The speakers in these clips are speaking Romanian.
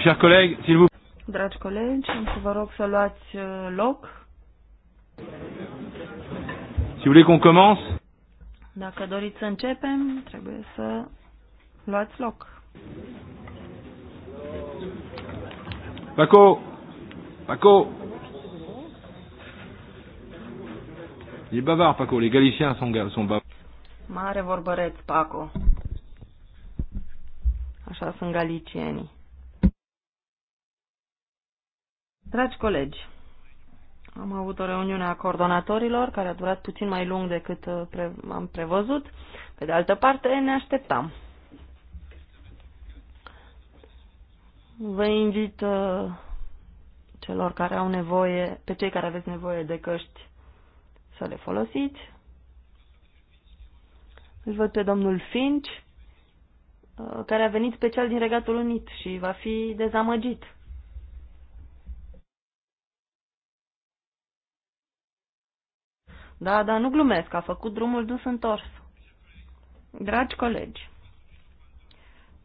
chers collègues, s'il vous Dragi colegi, să vă rog să luați uh, loc. Si vous voulez qu'on commence Dacă doriți să începem, trebuie să luați loc. Paco Paco E est bavard, Paco. Les Galiciens sont, sont bavards. Mare vorbăreț, Paco. Așa sunt galicienii. Dragi colegi, am avut o reuniune a coordonatorilor care a durat puțin mai lung decât uh, pre am prevăzut. Pe de altă parte, ne așteptam. Vă invit uh, celor care au nevoie, pe cei care aveți nevoie de căști, să le folosiți. Îl văd pe domnul Finch, uh, care a venit special din Regatul Unit și va fi dezamăgit. Da, dar nu glumesc, a făcut drumul dus întors. Dragi colegi,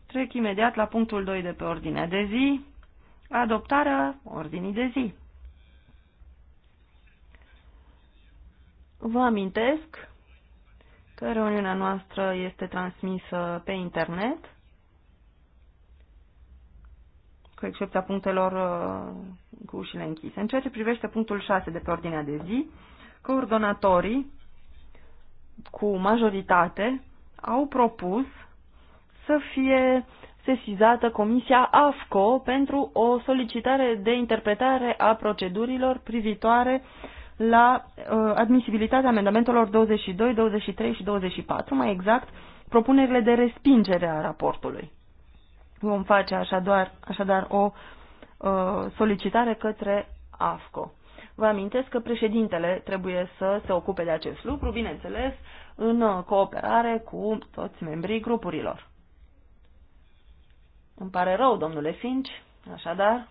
trec imediat la punctul 2 de pe ordinea de zi, adoptarea ordinii de zi. Vă amintesc că reuniunea noastră este transmisă pe internet, cu excepția punctelor uh, cu ușile închise. În ceea ce privește punctul 6 de pe ordinea de zi, coordonatorii cu majoritate au propus să fie sesizată Comisia AFCO pentru o solicitare de interpretare a procedurilor privitoare la uh, admisibilitatea amendamentelor 22, 23 și 24, mai exact propunerile de respingere a raportului. Vom face așadar, așadar o uh, solicitare către AFCO. Vă amintesc că președintele trebuie să se ocupe de acest lucru, bineînțeles, în uh, cooperare cu toți membrii grupurilor. Îmi pare rău, domnule Finci, așadar,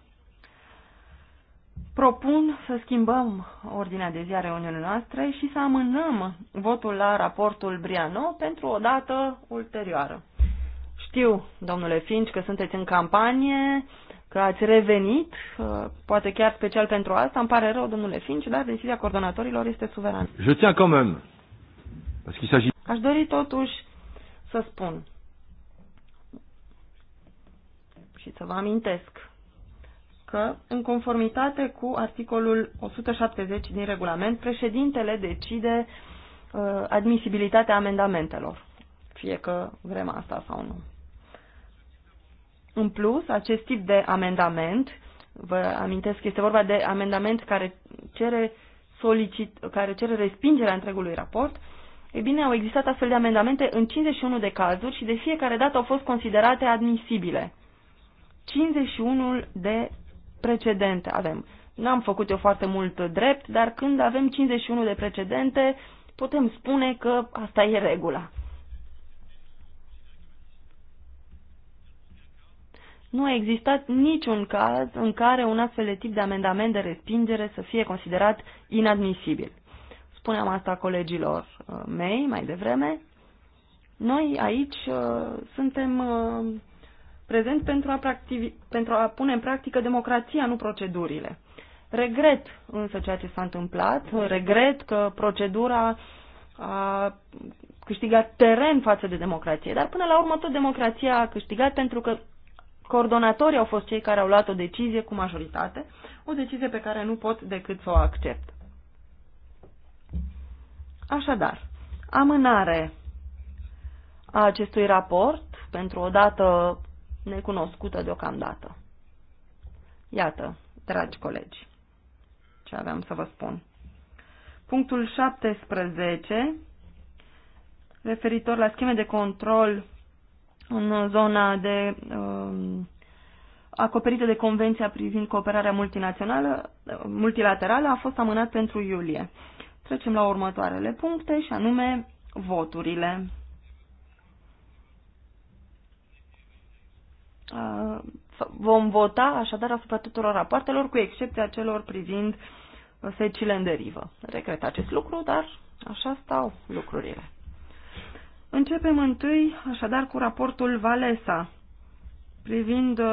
propun să schimbăm ordinea de zi a reuniunii noastre și să amânăm votul la raportul Briano pentru o dată ulterioară. Știu, domnule Finci, că sunteți în campanie, că ați revenit, uh, poate chiar special pentru asta. Îmi pare rău, domnule Finci, dar decizia coordonatorilor este suverană. Je tiens quand même. Parce qu'il s'agit... Aș dori totuși să spun și să vă amintesc că, în conformitate cu articolul 170 din regulament, președintele decide uh, admisibilitatea amendamentelor, fie că vrem asta sau nu. În plus, acest tip de amendament, vă amintesc, este vorba de amendament care cere, solicit, care cere respingerea întregului raport, ei bine, au existat astfel de amendamente în 51 de cazuri și de fiecare dată au fost considerate admisibile. 51 de precedente avem. N-am făcut eu foarte mult drept, dar când avem 51 de precedente, putem spune că asta e regula. nu a existat niciun caz în care un astfel de tip de amendament de respingere să fie considerat inadmisibil. Spuneam asta colegilor uh, mei mai devreme. Noi aici uh, suntem uh, prezenți pentru a, pentru a pune în practică democrația, nu procedurile. Regret însă ceea ce s-a întâmplat, regret că procedura a câștigat teren față de democrație, dar până la urmă tot democrația a câștigat pentru că Coordonatorii au fost cei care au luat o decizie cu majoritate, o decizie pe care nu pot decât să o accept. Așadar, amânare a acestui raport pentru o dată necunoscută deocamdată. Iată, dragi colegi, ce aveam să vă spun. Punctul 17, referitor la scheme de control în zona de uh, acoperită de Convenția privind cooperarea multinațională, multilaterală a fost amânat pentru iulie. Trecem la următoarele puncte și anume voturile. Uh, vom vota așadar asupra tuturor rapoartelor, cu excepția celor privind secile în derivă. Regret acest lucru, dar așa stau lucrurile. Începem întâi, așadar, cu raportul Valesa privind uh,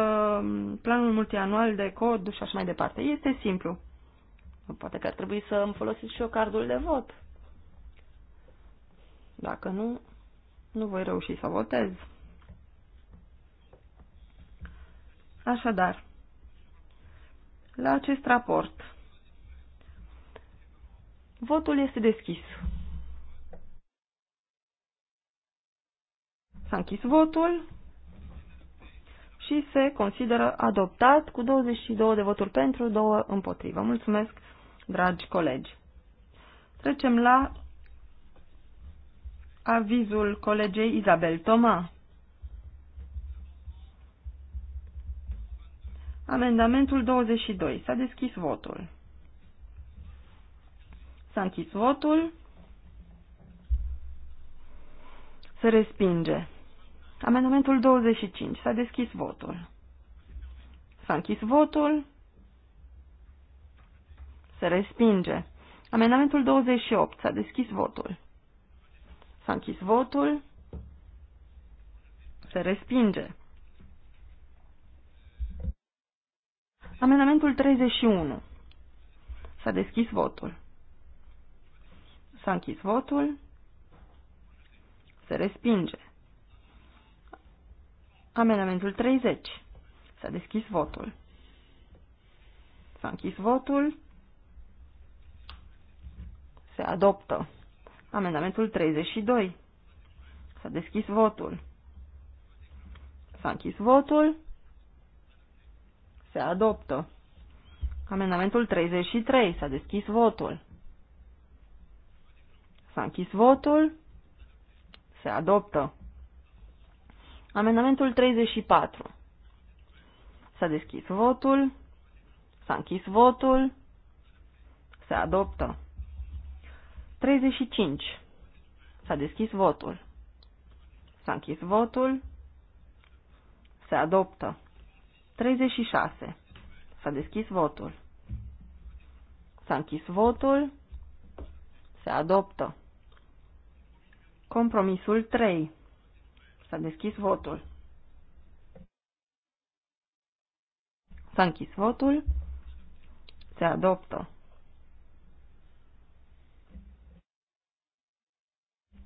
planul multianual de cod și așa mai departe. Este simplu. Poate că ar trebui să îmi folosesc și eu cardul de vot. Dacă nu, nu voi reuși să votez. Așadar, la acest raport, votul este deschis. S-a închis votul și se consideră adoptat cu 22 de voturi pentru, 2 împotrivă. Mulțumesc, dragi colegi. Trecem la avizul colegei Isabel Toma. Amendamentul 22. S-a deschis votul. S-a închis votul. Se respinge. Amendamentul 25. S-a deschis votul. S-a închis votul. Se respinge. Amendamentul 28. S-a deschis votul. S-a închis votul. Se respinge. Amendamentul 31. S-a deschis votul. S-a închis votul. Se respinge. Amendamentul 30. S-a deschis votul. S-a închis votul. Se adoptă. Amendamentul 32. S-a deschis votul. S-a închis votul. Se adoptă. Amendamentul 33. S-a deschis votul. S-a închis votul. Se adoptă. Amendamentul 34. S-a deschis votul. S-a închis votul. Se adoptă. 35. S-a deschis votul. S-a închis votul. Se adoptă. 36. S-a deschis votul. S-a închis votul. Se adoptă. Compromisul 3. S-a deschis votul. S-a închis votul. Se adoptă.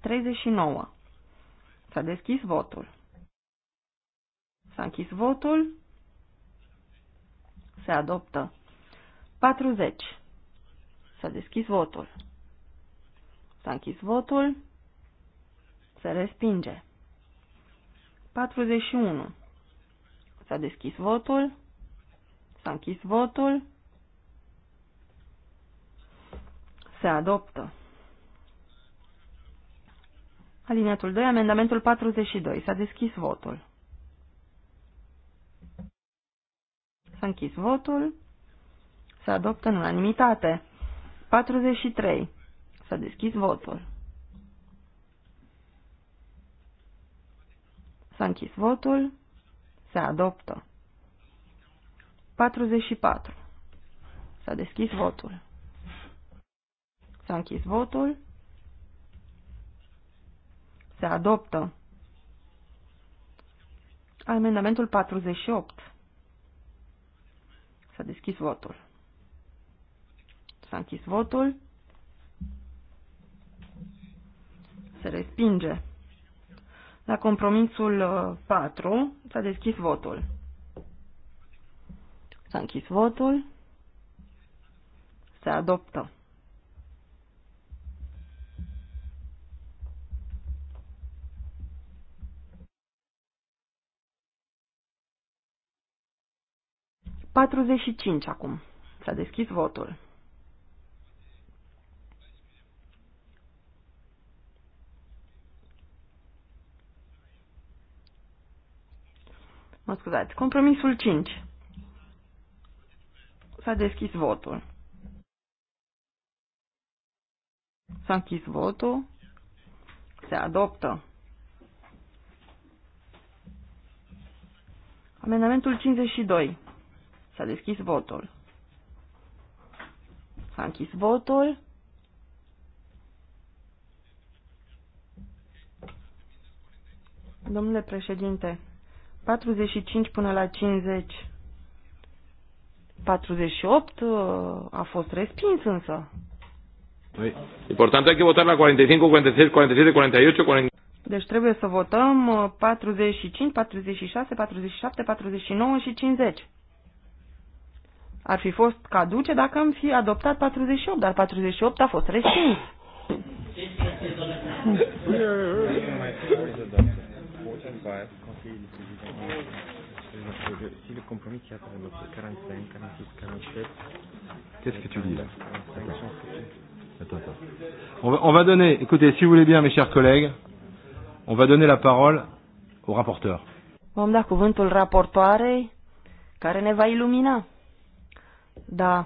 39. S-a deschis votul. S-a închis votul. Se adoptă. 40. S-a deschis votul. S-a închis votul. Se respinge. 41. S-a deschis votul. S-a închis votul. Se adoptă. Alineatul 2, amendamentul 42. S-a deschis votul. S-a închis votul. Se adoptă în unanimitate. 43. S-a deschis votul. S-a închis votul. Se adoptă. 44. S-a deschis votul. S-a închis votul. Se adoptă. Amendamentul 48. S-a deschis votul. S-a închis votul. Se respinge. La compromisul 4 uh, s-a deschis votul. S-a închis votul. Se adoptă. Patruzeci și cinci acum. S-a deschis votul. Mă scuzați. Compromisul 5. S-a deschis votul. S-a închis votul. Se adoptă. Amendamentul 52. S-a deschis votul. S-a închis votul. Domnule președinte, 45 până la 50. 48 a fost respins însă. Important e că votăm la 45, 46, 47, 48, 49. Deci trebuie să votăm 45, 46, 47, 49 și 50. Ar fi fost caduce dacă am fi adoptat 48, dar 48 a fost respins le président. Si le compromis qu'il y a par exemple 45, 46, 47. Qu'est-ce que tu dis là exact. Attends, attends. On va, on va donner, écoutez, si vous voulez bien, mes chers collègues, on va donner la parole au rapporteur. Vom da cuvântul raportoarei care ne va ilumina. Da.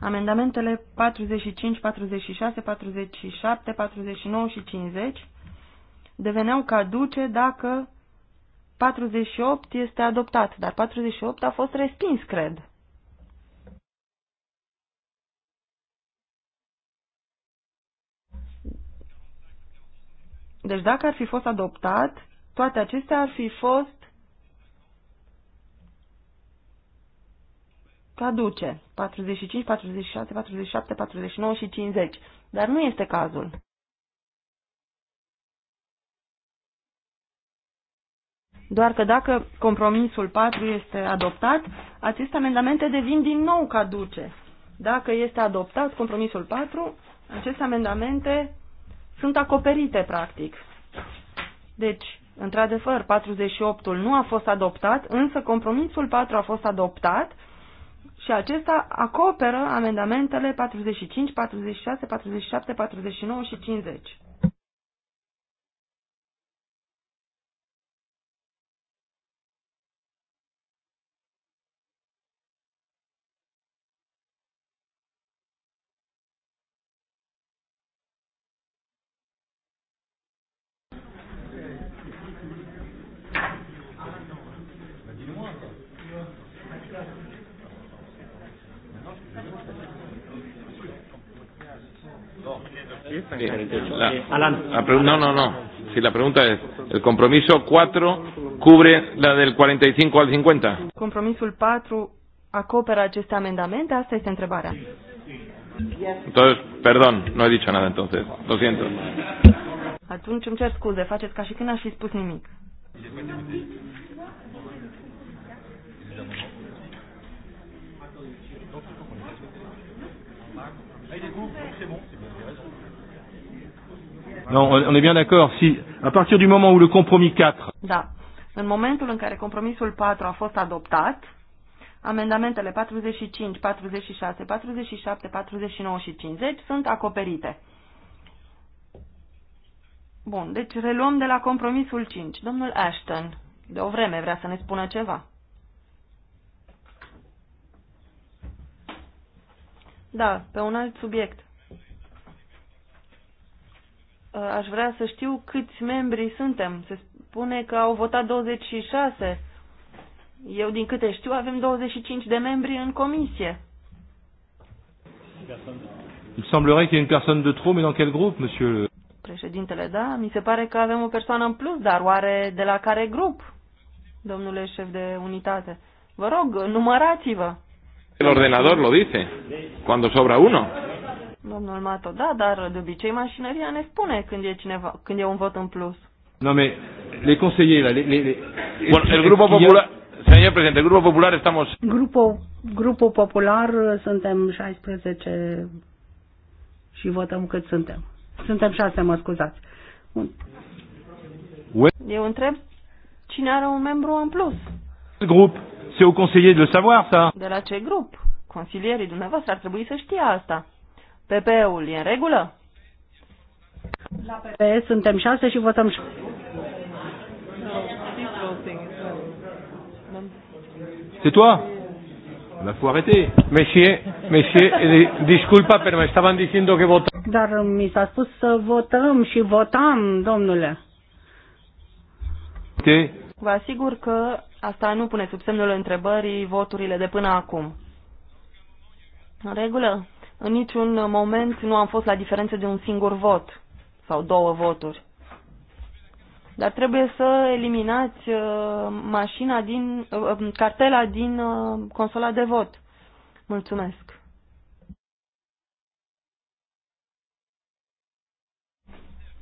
Amendamentele 45, 46, 47, 49 și 50 deveneau caduce dacă 48 este adoptat, dar 48 a fost respins, cred. Deci dacă ar fi fost adoptat, toate acestea ar fi fost caduce. 45, 46, 47, 49 și 50. Dar nu este cazul. Doar că dacă compromisul 4 este adoptat, aceste amendamente devin din nou caduce. Dacă este adoptat compromisul 4, aceste amendamente sunt acoperite, practic. Deci, într-adevăr, 48-ul nu a fost adoptat, însă compromisul 4 a fost adoptat și acesta acoperă amendamentele 45, 46, 47, 49 și 50. hablando. La no, no, no. Si la pregunta es, ¿el compromiso 4 cubre la del 45 al 50? Compromiso 4 acopera este amendamento, esta es la pregunta. Entonces, perdón, no he dicho nada entonces. Lo siento. Atunci îmi cer scuze, faceți ca și când n-aș fi spus nimic. Allez, vous, c'est bon. Non, on est bien d'accord. Si, à partir du moment où le compromis 4... Da. În momentul în care compromisul 4 a fost adoptat, amendamentele 45, 46, 47, 49 și 50 sunt acoperite. Bun, deci reluăm de la compromisul 5. Domnul Ashton, de o vreme vrea să ne spună ceva. Da, pe un alt subiect. Uh, aș vrea să știu câți membri suntem. Se spune că au votat 26. Eu, din câte știu, avem 25 de membri în comisie. Il semblerait qu'il y ait une personne de trop, mais dans quel groupe, monsieur Președintele, da, mi se pare că avem o persoană în plus, dar oare de la care grup, domnule șef de unitate? Vă rog, numărați-vă. El ordenador lo dice, cuando sobra uno. Domnul Mato, da, dar de obicei mașinăria ne spune când e, cineva, când e un vot în plus. No, me, le conseillers, le, le, le... Bueno, el Grupo Popular, señor presidente, el Grupo Popular estamos... Grupo, grupul Popular suntem 16 și votăm cât suntem. Suntem 6, mă scuzați. Un... Eu întreb cine are un membru în plus. Grup, se au conseiller de savoir, ça. De la ce grup? Consilierii dumneavoastră ar trebui să știe asta. PP-ul e în regulă? La PP suntem șase și votăm șase. C'est toi La faut arrêter. Monsieur, monsieur, eh, disculpa, pero me estaban diciendo que votam. Dar mi s-a spus să votăm și votam, domnule. Okay. Vă asigur că asta nu pune sub semnul întrebării voturile de până acum. În regulă? În niciun moment nu am fost la diferență de un singur vot sau două voturi. Dar trebuie să eliminați uh, mașina din, uh, uh cartela din uh, consola de vot. Mulțumesc.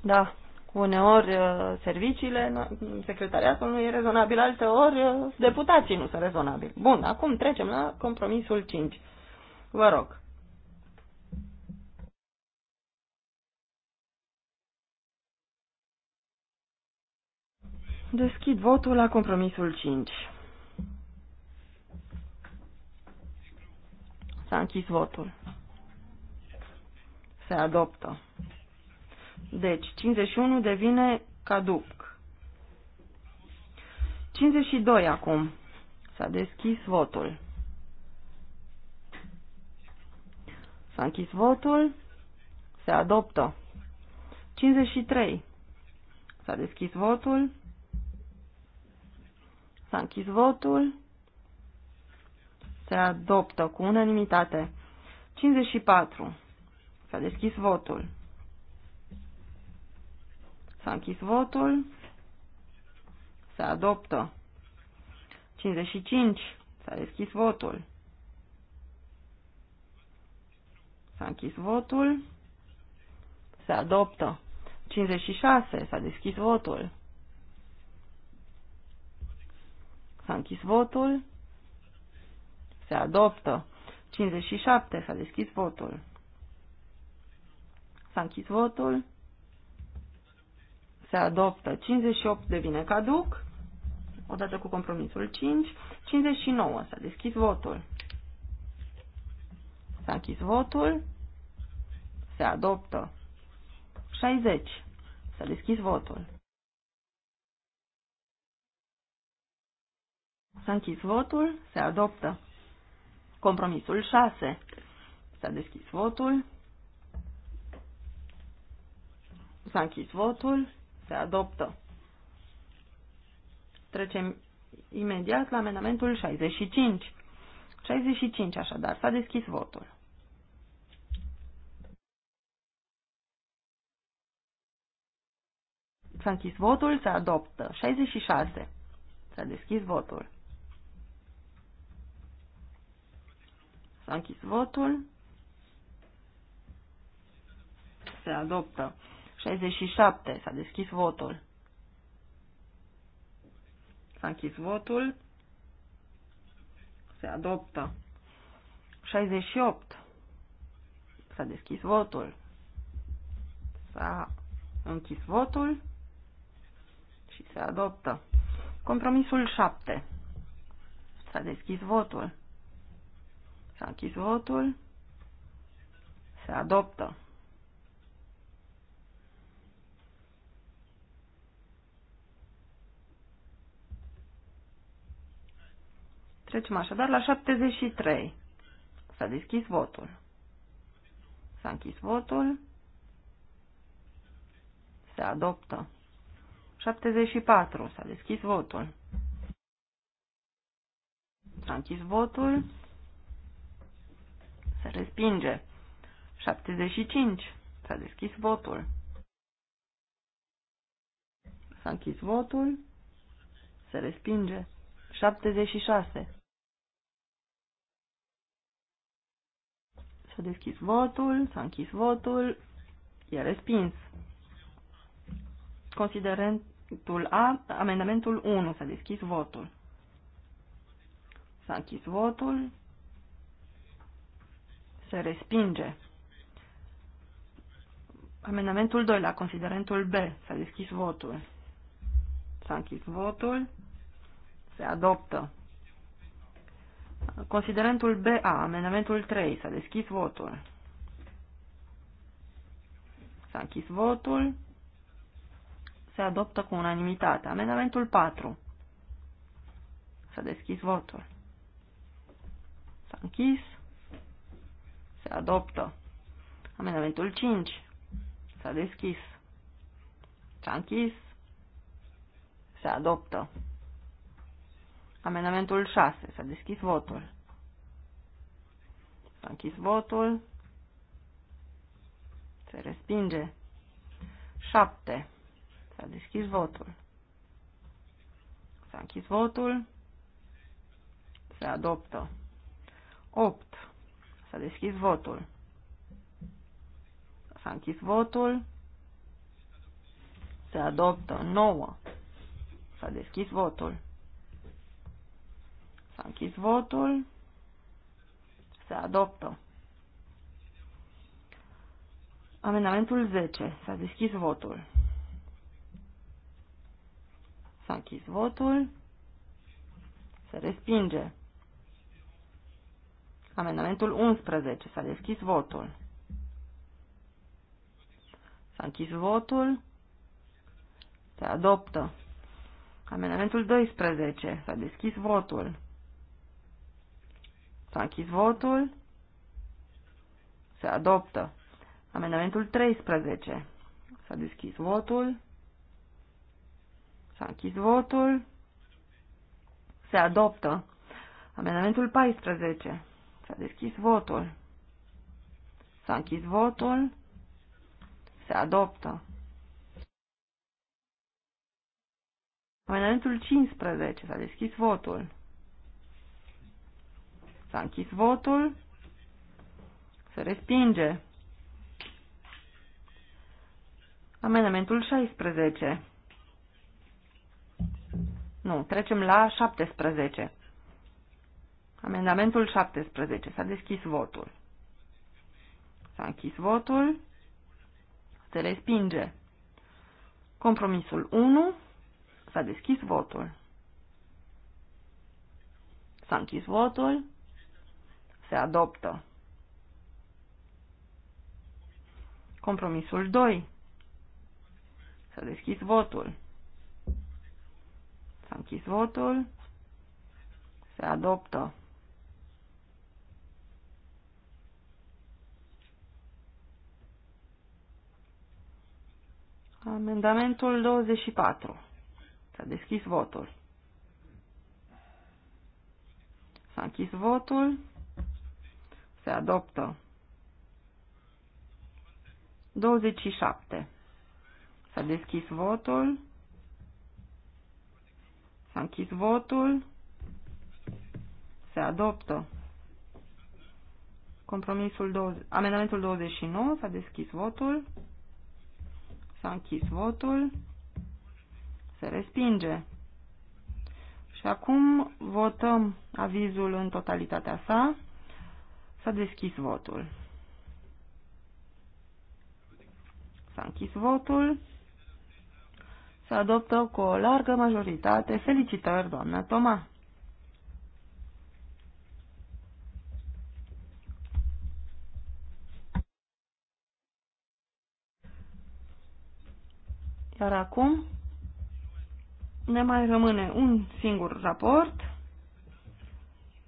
Da, uneori uh, serviciile, secretariatul nu e rezonabil, alteori uh, deputații nu sunt rezonabili. Bun, acum trecem la compromisul 5. Vă rog. Deschid votul la compromisul 5. S-a închis votul. Se adoptă. Deci, 51 devine caduc. 52 acum. S-a deschis votul. S-a închis votul. Se adoptă. 53. S-a deschis votul. S-a închis votul. Se adoptă cu unanimitate. 54. S-a deschis votul. S-a închis votul. Se adoptă. 55. S-a deschis votul. S-a închis votul. Se adoptă. 56. S-a deschis votul. S-a închis votul. Se adoptă. 57. S-a deschis votul. S-a închis votul. Se adoptă. 58 devine caduc. Odată cu compromisul 5. 59. S-a deschis votul. S-a închis votul. Se adoptă. 60. S-a deschis votul. S-a închis votul, se adoptă. Compromisul 6. S-a deschis votul. S-a închis votul, se adoptă. Trecem imediat la amendamentul 65. 65 așadar, s-a deschis votul. S-a închis votul, se adoptă. 66. S-a deschis votul. S-a închis votul. Se adoptă. 67. S-a deschis votul. S-a închis votul. Se adoptă. 68. S-a deschis votul. S-a închis votul și se adoptă. Compromisul 7. S-a deschis votul. S-a închis votul. Se adoptă. Trecem așadar la 73. S-a deschis votul. S-a închis votul. Se adoptă. 74. S-a deschis votul. S-a închis votul. Se respinge. 75. S-a deschis votul. S-a închis votul. Se respinge. 76. S-a deschis votul, s-a închis votul, e respins. Considerentul A, amendamentul 1, s-a deschis votul. S-a închis votul, se respinge. Amendamentul 2 la considerentul B. S-a deschis votul. S-a închis votul. Se adoptă. Considerentul BA, amendamentul 3. S-a deschis votul. S-a închis votul. Se adoptă cu unanimitate. Amendamentul 4. S-a deschis votul. S-a închis. Se adoptă. Amendamentul 5. S-a deschis. S-a închis. Se adoptă. Amendamentul 6. S-a deschis votul. S-a închis votul. Se respinge. 7. S-a deschis votul. S-a închis votul. Se adoptă. 8. S-a deschis votul. S-a închis votul. Se adoptă 9. S-a deschis votul. S-a închis votul. Se adoptă. Amendamentul 10. S-a deschis votul. S-a închis votul. Se respinge. Amendamentul 11. S-a deschis votul. S-a închis votul. Se adoptă. Amendamentul 12. S-a deschis votul. S-a închis votul. Se adoptă. Amendamentul 13. S-a deschis votul. S-a închis votul. Se adoptă. Amendamentul 14. S-a deschis votul. S-a închis votul. Se adoptă. Amendamentul 15. S-a deschis votul. S-a închis votul. Se respinge. Amendamentul 16. Nu, trecem la 17. Amendamentul 17. S-a deschis votul. S-a închis votul. Se respinge. Compromisul 1. S-a deschis votul. S-a închis votul. Se adoptă. Compromisul 2. S-a deschis votul. S-a închis votul. Se adoptă. Amendamentul 24. S-a deschis votul. S-a închis votul. Se adoptă. 27. S-a deschis votul. S-a închis votul. Se adoptă. Compromisul 20, amendamentul 29. S-a deschis votul. S-a închis votul. Se respinge. Și acum votăm avizul în totalitatea sa. S-a deschis votul. S-a închis votul. Se adoptă cu o largă majoritate. Felicitări, doamna Toma! Dar acum ne mai rămâne un singur raport.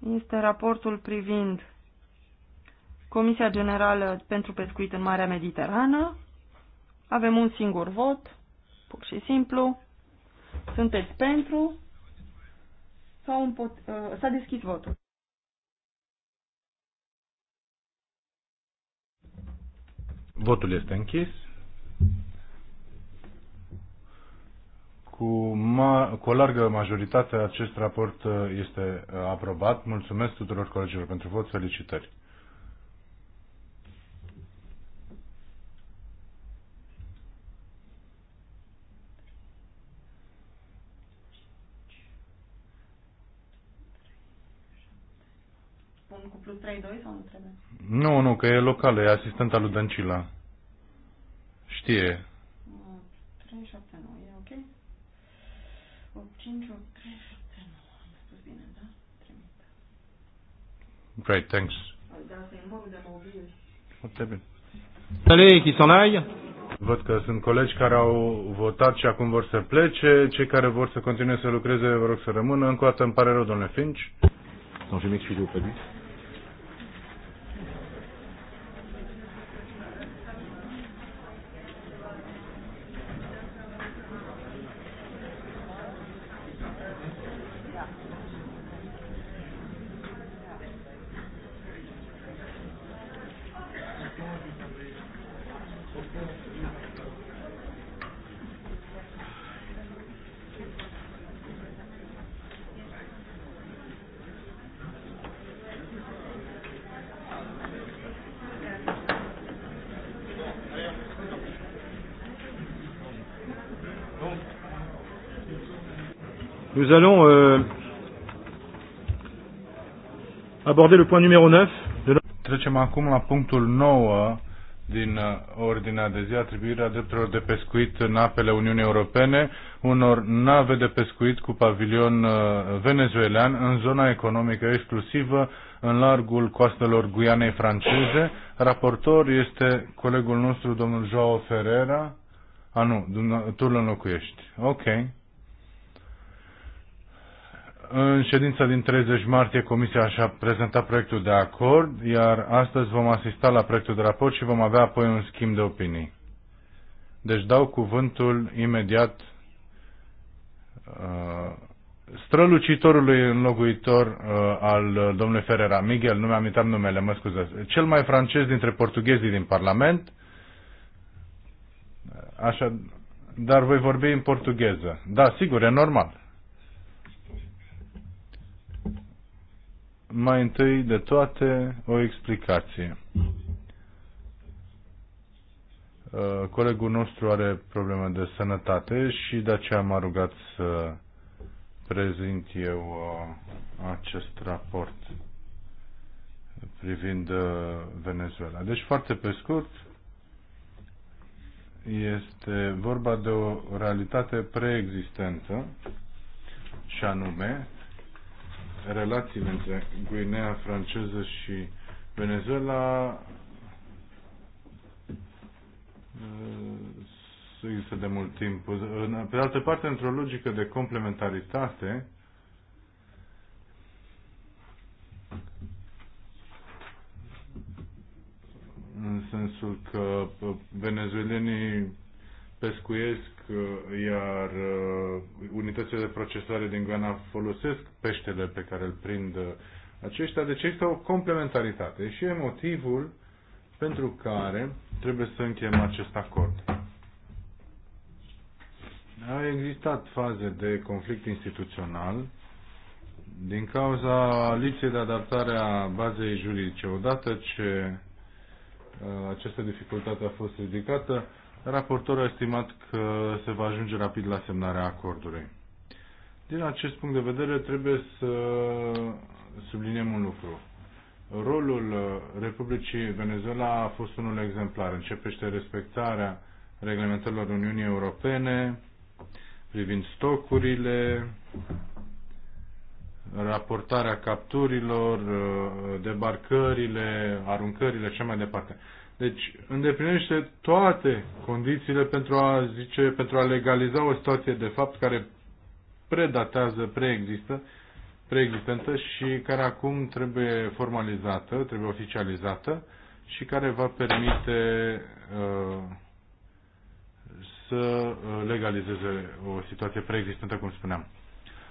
Este raportul privind Comisia Generală pentru Pescuit în Marea Mediterană. Avem un singur vot, pur și simplu. Sunteți pentru sau uh, s-a deschis votul. Votul este închis. cu, ma- cu o largă majoritate acest raport uh, este uh, aprobat. Mulțumesc tuturor colegilor pentru vot. Felicitări! cu plus 3-2 sau nu trebuie? Nu, nu, că e locală, e asistenta lui Dăncila. Știe. 3, 7, 5, Am spus bine, da? Great, thanks. Da, Foarte bine. Allez, qui s'en aille? Văd că sunt colegi care au votat și acum vor să plece. Cei care vor să continue să lucreze, vă rog să rămână. Încă o dată îmi pare rău, domnule Finch. Non, j'ai m'excusé auprès de allons euh, aborder le point numéro 9. De la... Trecem acum la punctul 9 din uh, ordinea de zi, atribuirea drepturilor de pescuit în apele Uniunii Europene unor nave de pescuit cu pavilion uh, venezuelan în zona economică exclusivă în largul coastelor Guianei franceze. Raportor este colegul nostru, domnul Joao Ferreira. A, nu, tu îl înlocuiești. Ok. În ședința din 30 martie, Comisia și-a prezentat proiectul de acord, iar astăzi vom asista la proiectul de raport și vom avea apoi un schimb de opinii. Deci dau cuvântul imediat uh, strălucitorului înlocuitor uh, al domnului Ferrera, Miguel, nu mi-am uitat numele, mă scuzați, cel mai francez dintre portughezii din Parlament, așa, dar voi vorbi în portugheză. Da, sigur, e normal. Mai întâi de toate, o explicație. Uh, colegul nostru are probleme de sănătate și de aceea m-a rugat să prezint eu uh, acest raport privind uh, Venezuela. Deci, foarte pe scurt, este vorba de o realitate preexistentă și anume relațiile între Guinea franceză și Venezuela uh, există de mult timp. Pe de altă parte, într-o logică de complementaritate, în sensul că uh, venezuelenii pescuiesc, uh, iar uh, unitățile de procesare din Ghana folosesc peștele pe care îl prind uh, aceștia, deci este o complementaritate și e motivul pentru care trebuie să încheiem acest acord. Au existat faze de conflict instituțional din cauza lipsei de adaptare a bazei juridice. Odată ce această dificultate a fost ridicată, Raportorul a estimat că se va ajunge rapid la semnarea acordului. Din acest punct de vedere trebuie să subliniem un lucru. Rolul uh, Republicii Venezuela a fost unul exemplar. Începește respectarea reglementărilor Uniunii Europene privind stocurile, raportarea capturilor, uh, debarcările, aruncările și mai departe. Deci îndeplinește toate condițiile pentru a zice, pentru a legaliza o situație de fapt care predatează, preexistă, preexistentă și care acum trebuie formalizată, trebuie oficializată și care va permite uh, să uh, legalizeze o situație preexistentă, cum spuneam.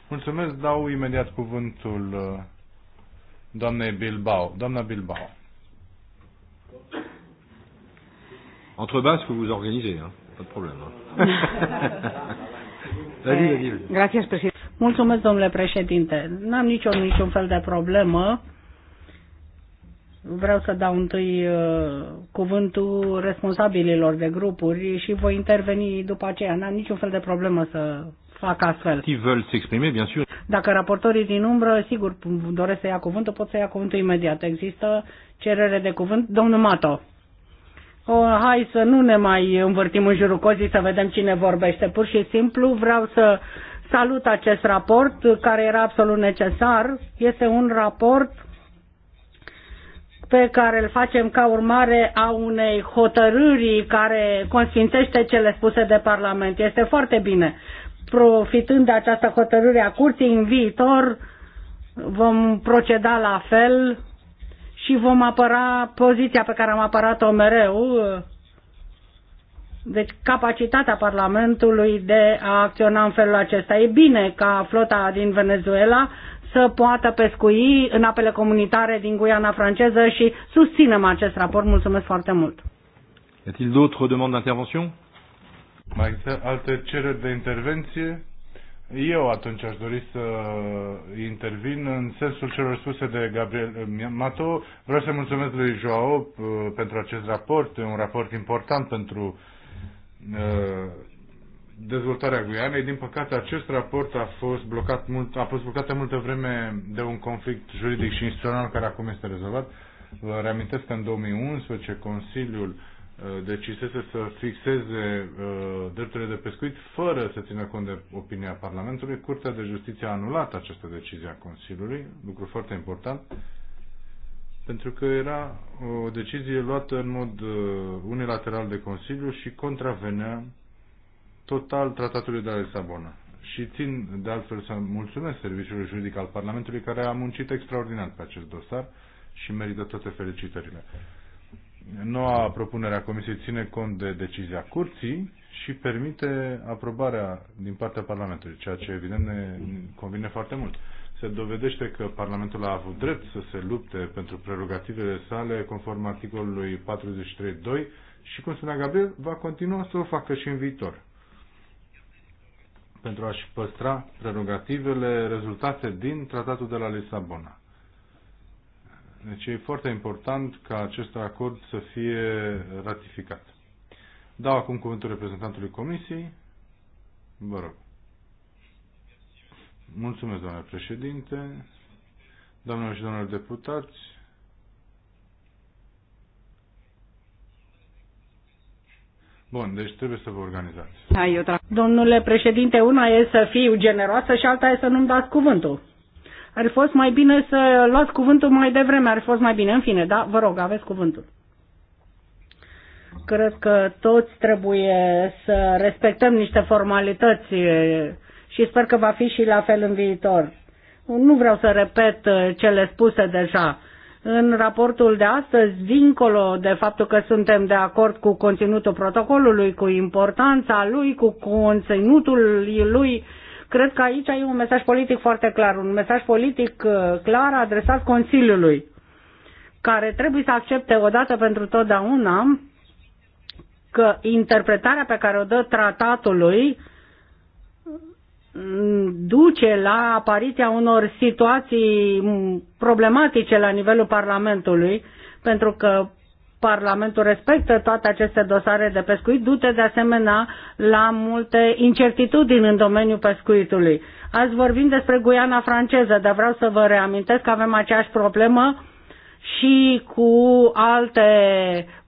Mulțumesc, dau imediat cuvântul uh, doamnei Bilbao. Doamna Bilbao. Entre basques, vous vous organisez, hein. pas de problème. Hein. la vie, la vie. Gracias, președinte. Mulțumesc, domnule președinte. N-am niciun, niciun fel de problemă. Vreau să dau întâi uh, cuvântul responsabililor de grupuri și voi interveni după aceea. N-am niciun fel de problemă să fac astfel. Dacă raportorii din umbră, sigur, doresc să ia cuvântul, pot să ia cuvântul imediat. Există cerere de cuvânt. Domnul Mato hai să nu ne mai învârtim în jurul cozii să vedem cine vorbește. Pur și simplu vreau să salut acest raport care era absolut necesar. Este un raport pe care îl facem ca urmare a unei hotărâri care consfințește cele spuse de Parlament. Este foarte bine. Profitând de această hotărâre a curții, în viitor vom proceda la fel și vom apăra poziția pe care am apărat-o mereu, deci capacitatea Parlamentului de a acționa în felul acesta. E bine ca flota din Venezuela să poată pescui în apele comunitare din Guiana franceză și susținem acest raport. Mulțumesc foarte mult. Y a-t-il d'autres demandes d'intervention? Mai există alte cereri de intervenție? Eu atunci aș dori să intervin în sensul celor spuse de Gabriel Mato. Vreau să mulțumesc lui Joao uh, pentru acest raport, un raport important pentru uh, dezvoltarea Guianei. Din păcate, acest raport a fost blocat mult, a fost blocat multă vreme de un conflict juridic și instituțional care acum este rezolvat. Vă reamintesc că în 2011 Consiliul uh, Uh, decisese să fixeze uh, drepturile de pescuit fără să țină cont de opinia Parlamentului. Curtea de Justiție a anulat această decizie a Consiliului, lucru foarte important, pentru că era o decizie luată în mod uh, unilateral de Consiliu și contravenea total tratatului de la Lisabona. Și țin de altfel să mulțumesc Serviciului Juridic al Parlamentului care a muncit extraordinar pe acest dosar și merită toate felicitările. Noua propunere a Comisiei ține cont de decizia curții și permite aprobarea din partea Parlamentului, ceea ce evident ne convine foarte mult. Se dovedește că Parlamentul a avut drept să se lupte pentru prerogativele sale conform articolului 43.2 și, cum spunea Gabriel, va continua să o facă și în viitor pentru a-și păstra prerogativele rezultate din Tratatul de la Lisabona. Deci e foarte important ca acest acord să fie ratificat. Dau acum cuvântul reprezentantului Comisiei. Vă rog. Mulțumesc, doamne președinte, doamnelor și domnilor deputați. Bun, deci trebuie să vă organizați. Domnule președinte, una e să fiu generoasă și alta e să nu-mi dați cuvântul. Ar fi fost mai bine să luați cuvântul mai devreme, ar fi fost mai bine. În fine, da, vă rog, aveți cuvântul. Cred că toți trebuie să respectăm niște formalități și sper că va fi și la fel în viitor. Nu vreau să repet cele spuse deja. În raportul de astăzi, dincolo de faptul că suntem de acord cu conținutul protocolului, cu importanța lui, cu conținutul lui, Cred că aici e un mesaj politic foarte clar, un mesaj politic uh, clar adresat Consiliului, care trebuie să accepte odată pentru totdeauna că interpretarea pe care o dă tratatului mm, duce la apariția unor situații mm, problematice la nivelul Parlamentului, pentru că Parlamentul respectă toate aceste dosare de pescuit, dute de asemenea la multe incertitudini în domeniul pescuitului. Azi vorbim despre Guiana franceză, dar vreau să vă reamintesc că avem aceeași problemă și cu alte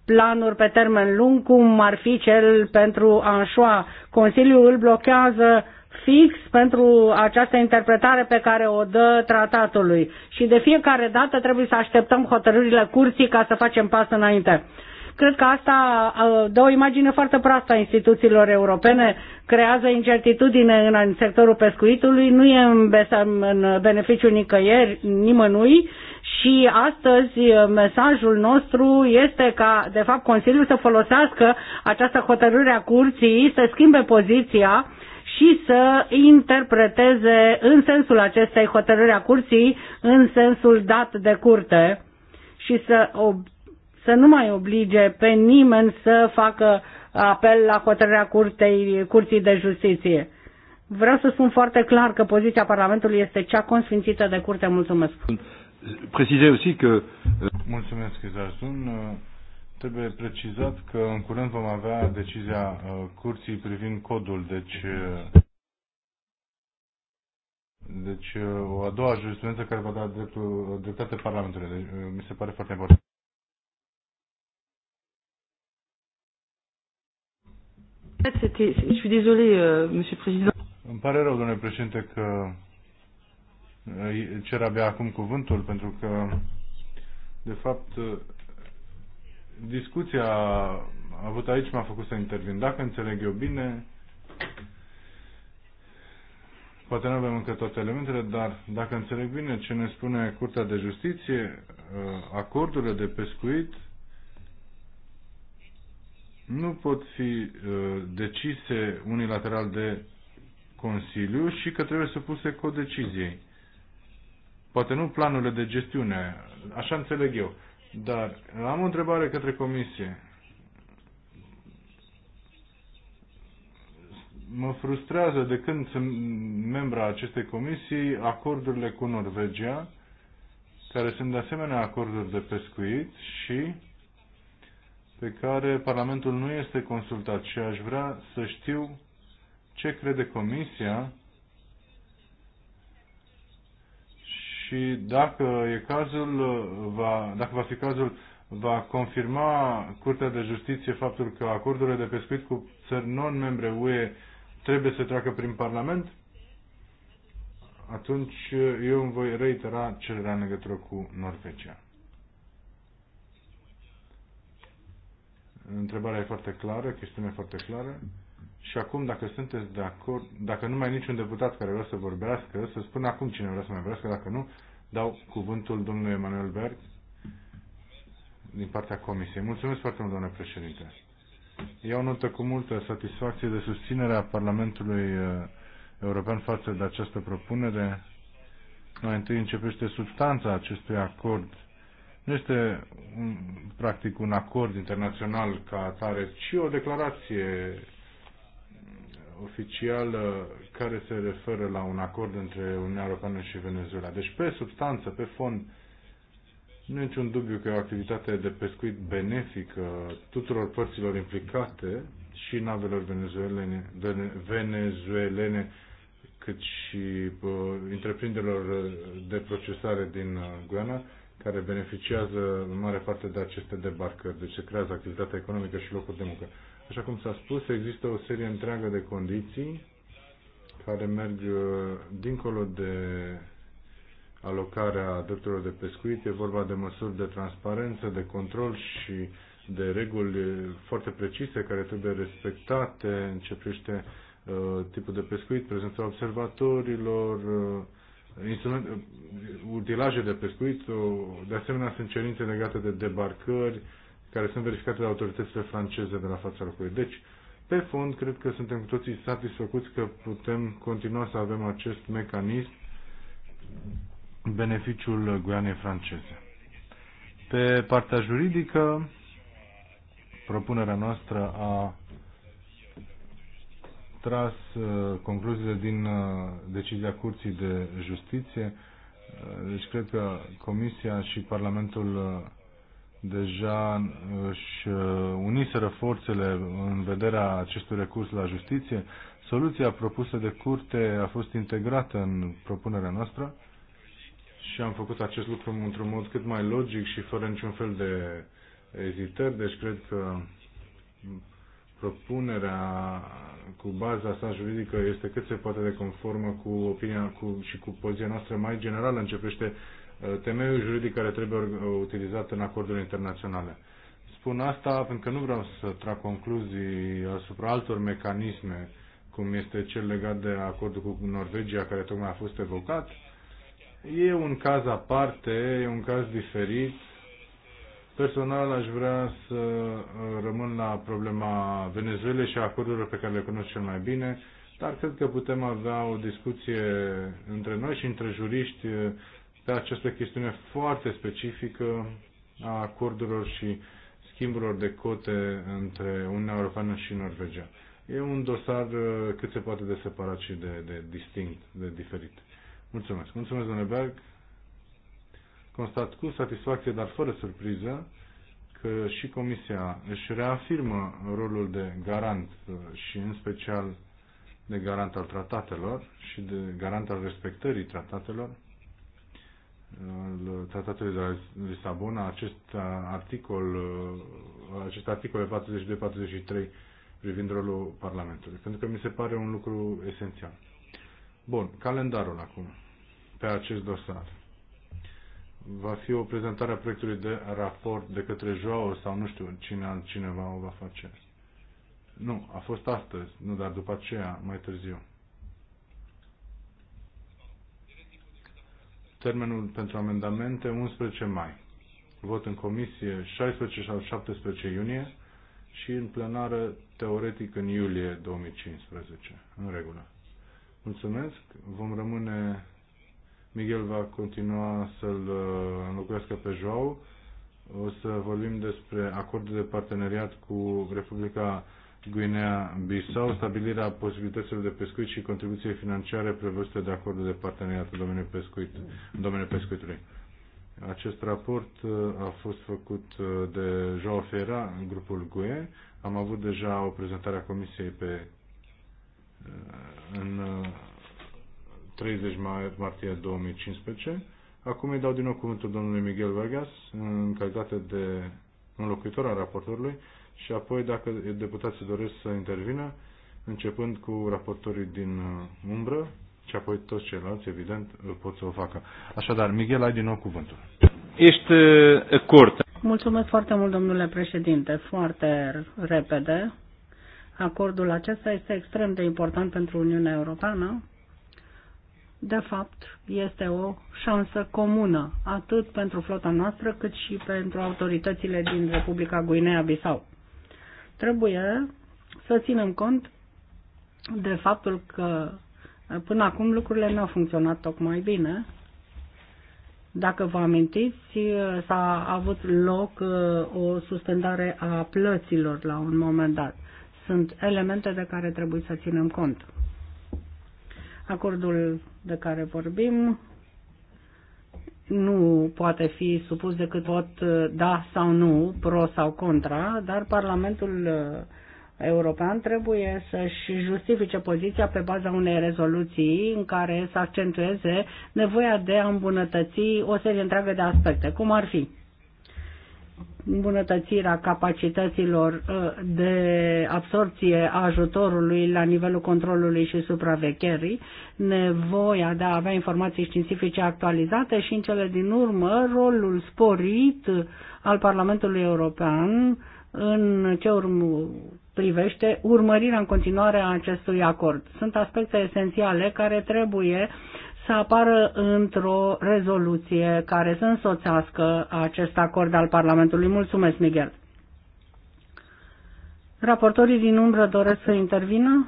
planuri pe termen lung, cum ar fi cel pentru Anșoa. Consiliul îl blochează fix pentru această interpretare pe care o dă tratatului. Și de fiecare dată trebuie să așteptăm hotărârile curții ca să facem pas înainte. Cred că asta dă o imagine foarte proastă a instituțiilor europene, creează incertitudine în sectorul pescuitului, nu e în beneficiu nicăieri, nimănui și astăzi mesajul nostru este ca, de fapt, Consiliul să folosească această hotărâre a curții, să schimbe poziția și să interpreteze în sensul acestei hotărâri a curții, în sensul dat de curte și să, să nu mai oblige pe nimeni să facă apel la hotărârea curtei, Curții de Justiție. Vreau să spun foarte clar că poziția Parlamentului este cea consfințită de curte. Mulțumesc. Precizez aussi că... Mulțumesc, trebuie precizat că în curând vom avea decizia uh, curții privind codul, deci uh, deci uh, o a doua jurisprudență care va da dreptul, dreptate Parlamentului. Deci, mi se pare foarte important. Euh, Îmi pare rău, domnule președinte, că cer abia acum cuvântul, pentru că, de fapt, discuția avut aici m-a făcut să intervin. Dacă înțeleg eu bine, poate nu avem încă toate elementele, dar dacă înțeleg bine ce ne spune Curtea de Justiție, uh, acordurile de pescuit nu pot fi uh, decise unilateral de Consiliu și că trebuie puse codeciziei. Poate nu planurile de gestiune, așa înțeleg eu. Dar am o întrebare către comisie. Mă frustrează de când sunt membra acestei comisii acordurile cu Norvegia, care sunt de asemenea acorduri de pescuit și pe care Parlamentul nu este consultat și aș vrea să știu ce crede Comisia și dacă e cazul, va, dacă va fi cazul, va confirma Curtea de Justiție faptul că acordurile de pescuit cu țări non-membre UE trebuie să treacă prin Parlament? Atunci eu îmi voi reitera cererea în legătură cu Norvegia. Întrebarea e foarte clară, chestiunea e foarte clară. Și acum, dacă sunteți de acord, dacă nu mai e niciun deputat care vrea să vorbească, să spun acum cine vrea să mai vorbească, dacă nu, dau cuvântul domnului Emanuel Berg din partea Comisiei. Mulțumesc foarte mult, domnule președinte. Iau notă cu multă satisfacție de susținerea Parlamentului uh, European față de această propunere. Mai întâi începește substanța acestui acord. Nu este practic un acord internațional ca atare, ci o declarație oficială care se referă la un acord între Uniunea Europeană și Venezuela. Deci, pe substanță, pe fond, nu e niciun dubiu că e o activitate de pescuit benefică tuturor părților implicate și navelor venezuelene, venezuelene cât și uh, întreprinderilor de procesare din uh, Guiana, care beneficiază în mare parte de aceste debarcări. Deci se creează activitatea economică și locuri de muncă. Așa cum s-a spus, există o serie întreagă de condiții care merg uh, dincolo de alocarea drepturilor de pescuit. E vorba de măsuri de transparență, de control și de reguli uh, foarte precise care trebuie respectate în ce privește uh, tipul de pescuit, prezența observatorilor, instrument, utilaje de pescuit, de asemenea sunt cerințe legate de debarcări, care sunt verificate de autoritățile franceze de la fața locului. Deci, pe fond, cred că suntem cu toții satisfăcuți că putem continua să avem acest mecanism beneficiul Guianei franceze. Pe partea juridică, propunerea noastră a tras uh, concluziile din uh, decizia Curții de Justiție. Uh, deci cred că Comisia și Parlamentul deja își uh, uniseră forțele în vederea acestui recurs la justiție. Soluția propusă de curte a fost integrată în propunerea noastră și am făcut acest lucru într-un mod cât mai logic și fără niciun fel de ezitări, deci cred că propunerea cu baza sa juridică este cât se poate de conformă cu opinia cu, și cu poziția noastră mai generală începește Uh, temeiul juridic care trebuie utilizat în acordurile internaționale. Spun asta pentru că nu vreau să trag concluzii asupra altor mecanisme, cum este cel legat de acordul cu Norvegia, care tocmai a fost evocat. E un caz aparte, e un caz diferit. Personal aș vrea să uh, rămân la problema Venezuelei și a acordurilor pe care le cunosc cel mai bine, dar cred că putem avea o discuție între noi și între juriști uh, pe această chestiune foarte specifică a acordurilor și schimburilor de cote între Uniunea Europeană și Norvegia. E un dosar uh, cât se poate de separat și de, de distinct, de diferit. Mulțumesc. Mulțumesc, domnule Berg. Constat cu satisfacție, dar fără surpriză, că și Comisia își reafirmă rolul de garant uh, și în special de garant al tratatelor și de garant al respectării tratatelor al tratatului de la Lisabona, acest uh, articol, uh, acest articol 42-43 privind rolul Parlamentului, pentru că mi se pare un lucru esențial. Bun, calendarul acum pe acest dosar. Va fi o prezentare a proiectului de raport de către Joao sau nu știu cine altcineva o va face. Nu, a fost astăzi, nu, dar după aceea, mai târziu. Termenul pentru amendamente 11 mai. Vot în comisie 16 sau 17 iunie și în plenară teoretic în iulie 2015. În regulă. Mulțumesc. Vom rămâne... Miguel va continua să-l uh, înlocuiască pe Joao. O să vorbim despre acordul de parteneriat cu Republica Guinea-Bissau, stabilirea posibilităților de pescuit și contribuție financiare prevăzute de acordul de parteneriat în domeniul, pescuit, în domeniul pescuitului. Acest raport uh, a fost făcut uh, de Joao Ferra, în grupul GUE. Am avut deja o prezentare a Comisiei pe uh, în 30 martie 2015. Acum îi dau din nou cuvântul domnului Miguel Vargas, în calitate de înlocuitor al raportorului, și apoi, dacă deputații doresc să intervină, începând cu raportorii din uh, umbră și apoi toți ceilalți, evident, pot să o facă. Așadar, Miguel, ai din nou cuvântul. Ești uh, curt. Mulțumesc foarte mult, domnule președinte. Foarte repede. Acordul acesta este extrem de important pentru Uniunea Europeană. De fapt, este o șansă comună, atât pentru flota noastră, cât și pentru autoritățile din Republica Guinea-Bissau Trebuie să ținem cont de faptul că până acum lucrurile nu au funcționat tocmai bine. Dacă vă amintiți, s-a avut loc o suspendare a plăților la un moment dat. Sunt elemente de care trebuie să ținem cont. Acordul de care vorbim nu poate fi supus decât vot uh, da sau nu, pro sau contra, dar Parlamentul uh, European trebuie să-și justifice poziția pe baza unei rezoluții în care să accentueze nevoia de a îmbunătăți o serie întreagă de aspecte, cum ar fi îmbunătățirea capacităților uh, de absorție a ajutorului la nivelul controlului și supravecherii, nevoia de a avea informații științifice actualizate și, în cele din urmă, rolul sporit al Parlamentului European în ce urmă privește urmărirea în continuare a acestui acord. Sunt aspecte esențiale care trebuie să apară într-o rezoluție care să însoțească acest acord al Parlamentului. Mulțumesc, Miguel. Raportorii din umbră doresc să intervină?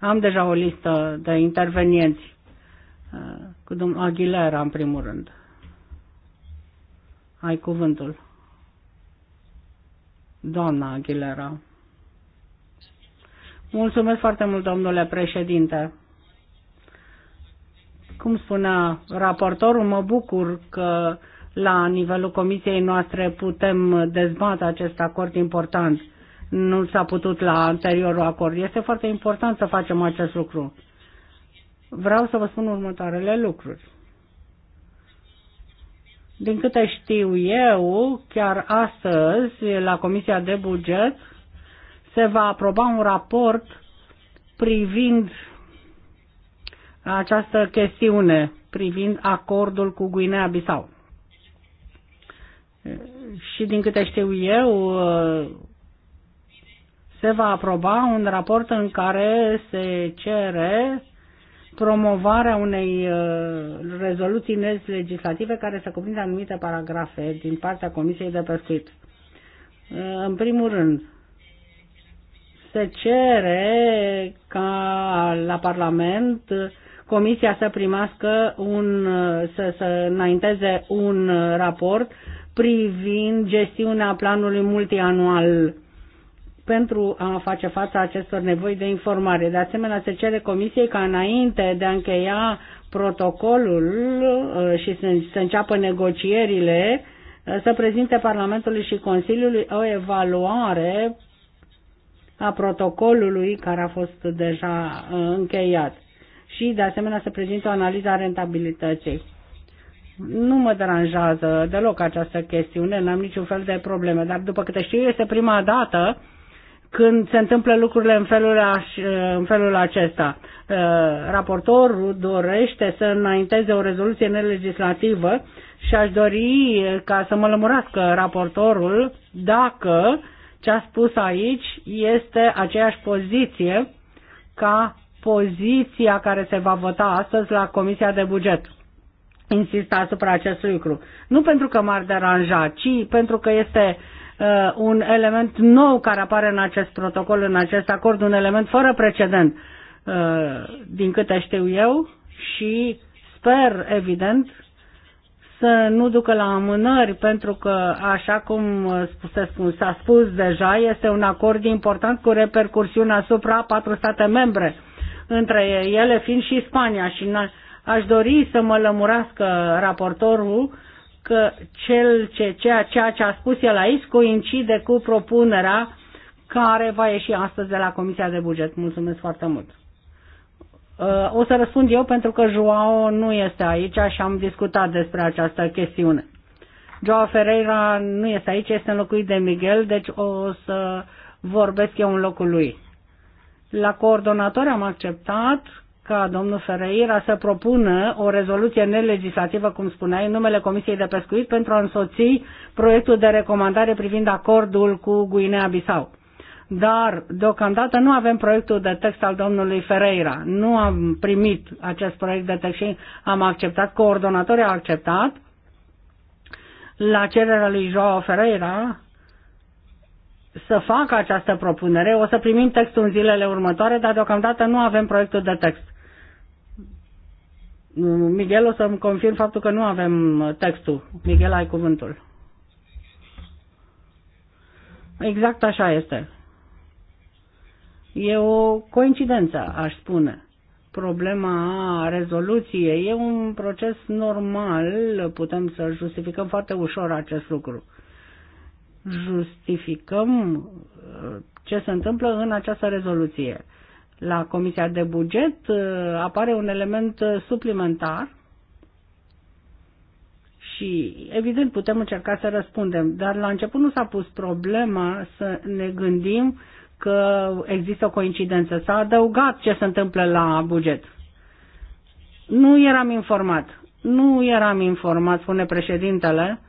Am deja o listă de intervenienți. Uh, cu domnul Aguilera, în primul rând. Ai cuvântul. Doamna Aguilera. Mulțumesc foarte mult, domnule președinte. Cum spunea raportorul, mă bucur că la nivelul comisiei noastre putem dezbate acest acord important. Nu s-a putut la anteriorul acord. Este foarte important să facem acest lucru. Vreau să vă spun următoarele lucruri. Din câte știu eu, chiar astăzi, la Comisia de Buget, se va aproba un raport privind această chestiune privind acordul cu Guinea-Bissau. Și din câte știu eu, se va aproba un raport în care se cere promovarea unei uh, rezoluții legislative care să cuprindă anumite paragrafe din partea Comisiei de Pescuit. Uh, în primul rând, se cere ca la Parlament Comisia să primească un, să, să înainteze un raport privind gestiunea planului multianual pentru a face față acestor nevoi de informare. De asemenea, se cere Comisiei ca înainte de a încheia protocolul uh, și să, să înceapă negocierile, uh, să prezinte Parlamentului și Consiliului o evaluare a protocolului care a fost deja uh, încheiat și de asemenea să prezinte o analiză a rentabilității. Nu mă deranjează deloc această chestiune, n-am niciun fel de probleme, dar după câte știu este prima dată când se întâmplă lucrurile în felul, aș, în felul acesta. Uh, raportorul dorește să înainteze o rezoluție nelegislativă și aș dori ca să mă lămurească raportorul dacă ce a spus aici este aceeași poziție ca poziția care se va vota astăzi la Comisia de Buget. Insist asupra acestui lucru. Nu pentru că m-ar deranja, ci pentru că este uh, un element nou care apare în acest protocol, în acest acord, un element fără precedent, uh, din câte știu eu, și sper, evident, să nu ducă la amânări, pentru că, așa cum s-a spus deja, este un acord important cu repercursiuni asupra patru state membre între ele fiind și Spania. Și aș dori să mă lămurească raportorul că cel ce, ceea, ceea ce a spus el aici coincide cu propunerea care va ieși astăzi de la Comisia de Buget. Mulțumesc foarte mult! Uh, o să răspund eu pentru că Joao nu este aici și am discutat despre această chestiune. Joao Ferreira nu este aici, este înlocuit de Miguel, deci o să vorbesc eu în locul lui. La coordonator am acceptat ca domnul Ferreira să propună o rezoluție nelegislativă, cum spuneai, în numele Comisiei de Pescuit pentru a însoți proiectul de recomandare privind acordul cu Guinea-Bissau. Dar, deocamdată, nu avem proiectul de text al domnului Ferreira. Nu am primit acest proiect de text și am acceptat, coordonatorii au acceptat, la cererea lui Joao Ferreira, să facă această propunere. O să primim textul în zilele următoare, dar deocamdată nu avem proiectul de text. Miguel, o să-mi confirm faptul că nu avem textul. Miguel, ai cuvântul. Exact așa este. E o coincidență, aș spune. Problema rezoluției e un proces normal, putem să justificăm foarte ușor acest lucru justificăm uh, ce se întâmplă în această rezoluție. La Comisia de Buget uh, apare un element uh, suplimentar și, evident, putem încerca să răspundem, dar la început nu s-a pus problema să ne gândim că există o coincidență. S-a adăugat ce se întâmplă la buget. Nu eram informat. Nu eram informat, spune președintele,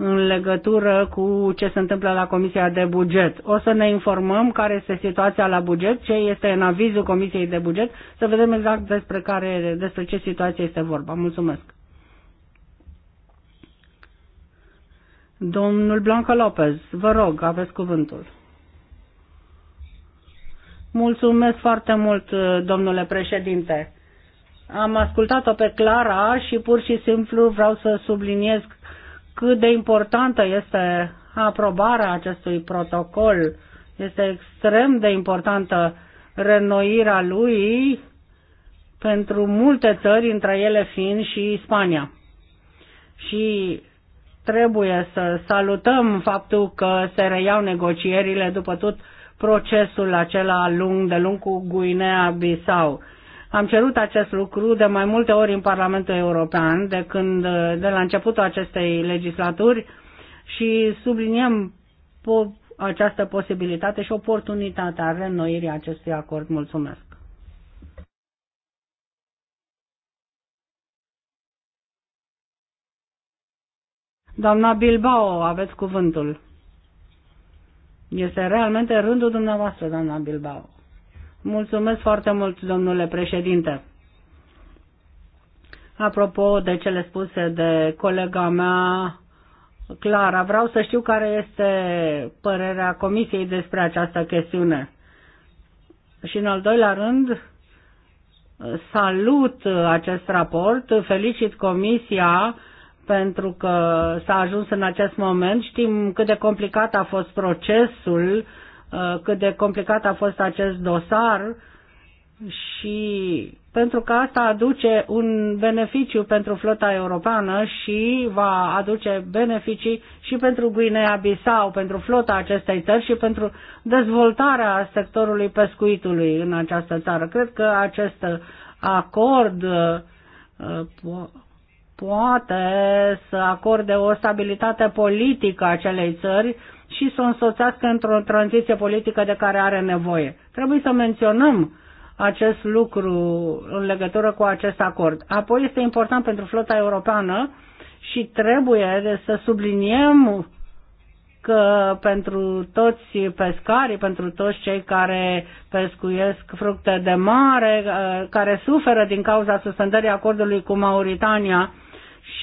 în legătură cu ce se întâmplă la Comisia de Buget. O să ne informăm care este situația la buget, ce este în avizul Comisiei de Buget, să vedem exact despre, care, despre ce situație este vorba. Mulțumesc. Domnul Blanca Lopez, vă rog, aveți cuvântul. Mulțumesc foarte mult, domnule președinte. Am ascultat-o pe Clara și pur și simplu vreau să subliniez cât de importantă este aprobarea acestui protocol. Este extrem de importantă renoirea lui pentru multe țări, între ele fiind și Spania. Și trebuie să salutăm faptul că se reiau negocierile după tot procesul acela lung de lung cu Guinea-Bissau. Am cerut acest lucru de mai multe ori în Parlamentul European de când de la începutul acestei legislaturi și subliniem po- această posibilitate și oportunitatea reînnoirii acestui acord. Mulțumesc. Doamna Bilbao, aveți cuvântul. Este realmente rândul dumneavoastră, doamna Bilbao. Mulțumesc foarte mult, domnule președinte. Apropo de cele spuse de colega mea, Clara, vreau să știu care este părerea Comisiei despre această chestiune. Și în al doilea rând, salut acest raport, felicit Comisia pentru că s-a ajuns în acest moment. Știm cât de complicat a fost procesul Uh, cât de complicat a fost acest dosar și pentru că asta aduce un beneficiu pentru flota europeană și va aduce beneficii și pentru Guinea-Bissau, pentru flota acestei țări și pentru dezvoltarea sectorului pescuitului în această țară. Cred că acest acord uh, po poate să acorde o stabilitate politică acelei țări și să o însoțească într-o tranziție politică de care are nevoie. Trebuie să menționăm acest lucru în legătură cu acest acord. Apoi este important pentru flota europeană și trebuie să subliniem că pentru toți pescarii, pentru toți cei care pescuiesc fructe de mare, care suferă din cauza suspendării acordului cu Mauritania,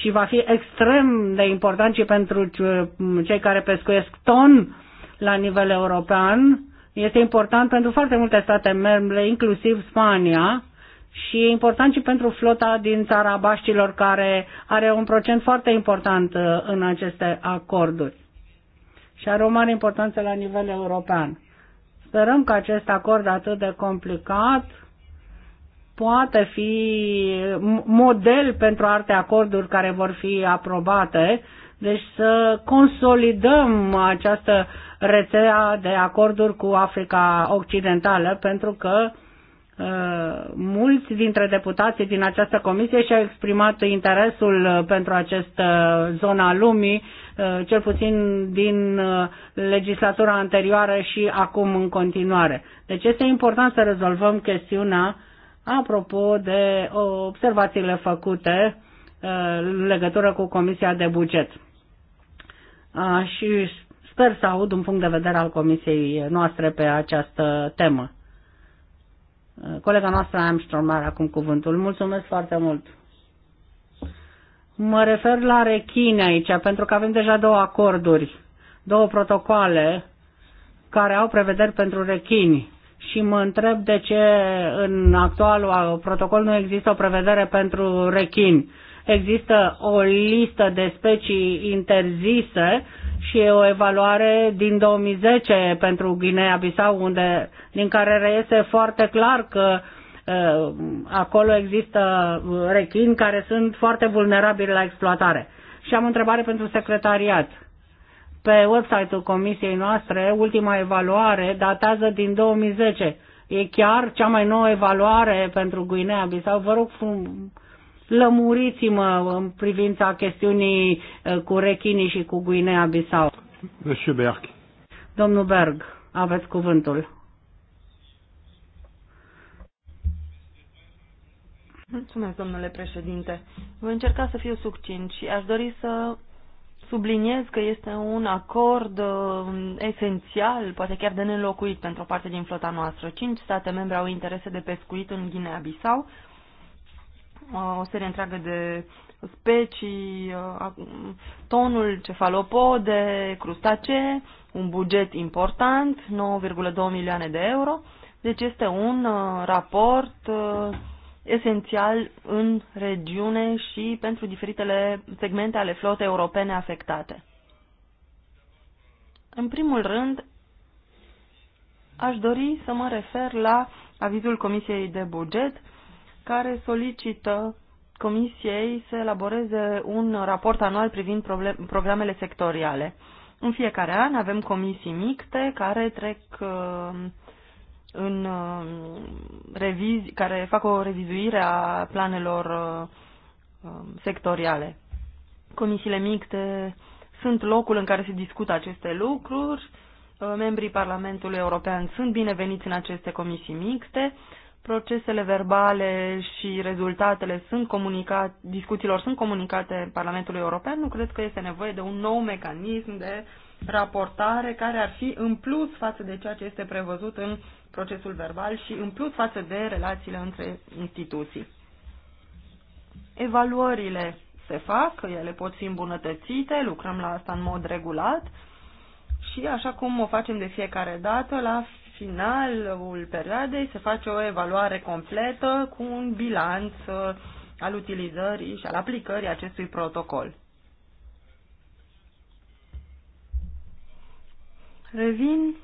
și va fi extrem de important și pentru uh, cei care pescuiesc ton la nivel european. Este important pentru foarte multe state membre, inclusiv Spania, și e important și pentru flota din țara Baștilor, care are un procent foarte important uh, în aceste acorduri și are o mare importanță la nivel european. Sperăm că acest acord atât de complicat poate fi model pentru alte acorduri care vor fi aprobate, deci să consolidăm această rețea de acorduri cu Africa Occidentală, pentru că uh, mulți dintre deputații din această comisie și-au exprimat interesul uh, pentru această uh, zonă a lumii, uh, cel puțin din uh, legislatura anterioară și acum în continuare. Deci este important să rezolvăm chestiunea uh, Apropo de observațiile făcute în legătură cu Comisia de Buget. Și sper să aud un punct de vedere al Comisiei noastre pe această temă. Colega noastră Armstrong are acum cuvântul. Mulțumesc foarte mult! Mă refer la rechine aici, pentru că avem deja două acorduri, două protocoale care au prevederi pentru rechini și mă întreb de ce în actualul protocol nu există o prevedere pentru rechini. Există o listă de specii interzise și o evaluare din 2010 pentru Guinea-Bissau, unde, din care reiese foarte clar că uh, acolo există rechini care sunt foarte vulnerabili la exploatare. Și am o întrebare pentru secretariat. Uh, pe website-ul comisiei noastre, ultima evaluare datează din 2010. E chiar cea mai nouă evaluare pentru Guinea-Bissau. Vă rog frum, lămuriți-mă în privința chestiunii eh, cu rechini și cu Guinea-Bissau. Berg. Domnul Berg, aveți cuvântul. Mulțumesc, domnule președinte. Voi încerca să fiu succint și aș dori să subliniez că este un acord uh, esențial, poate chiar de nelocuit pentru o parte din flota noastră. Cinci state membre au interese de pescuit în Guinea-Bissau, uh, o serie întreagă de specii, uh, tonul, cefalopode, crustacee, un buget important, 9,2 milioane de euro. Deci este un raport esențial în regiune și pentru diferitele segmente ale flotei europene afectate. În primul rând, aș dori să mă refer la avizul Comisiei de Buget, care solicită Comisiei să elaboreze un raport anual privind programele sectoriale. În fiecare an avem comisii mixte care trec uh, în uh, revizi, care fac o revizuire a planelor uh, um, sectoriale. Comisiile mixte sunt locul în care se discută aceste lucruri. Uh, membrii Parlamentului European sunt bineveniți în aceste comisii mixte. Procesele verbale și rezultatele sunt comunicate, discuțiilor sunt comunicate Parlamentului European. Nu cred că este nevoie de un nou mecanism de raportare care ar fi în plus față de ceea ce este prevăzut în procesul verbal și în plus față de relațiile între instituții. Evaluările se fac, ele pot fi îmbunătățite, lucrăm la asta în mod regulat și așa cum o facem de fiecare dată, la finalul perioadei se face o evaluare completă cu un bilanț uh, al utilizării și al aplicării acestui protocol. Revin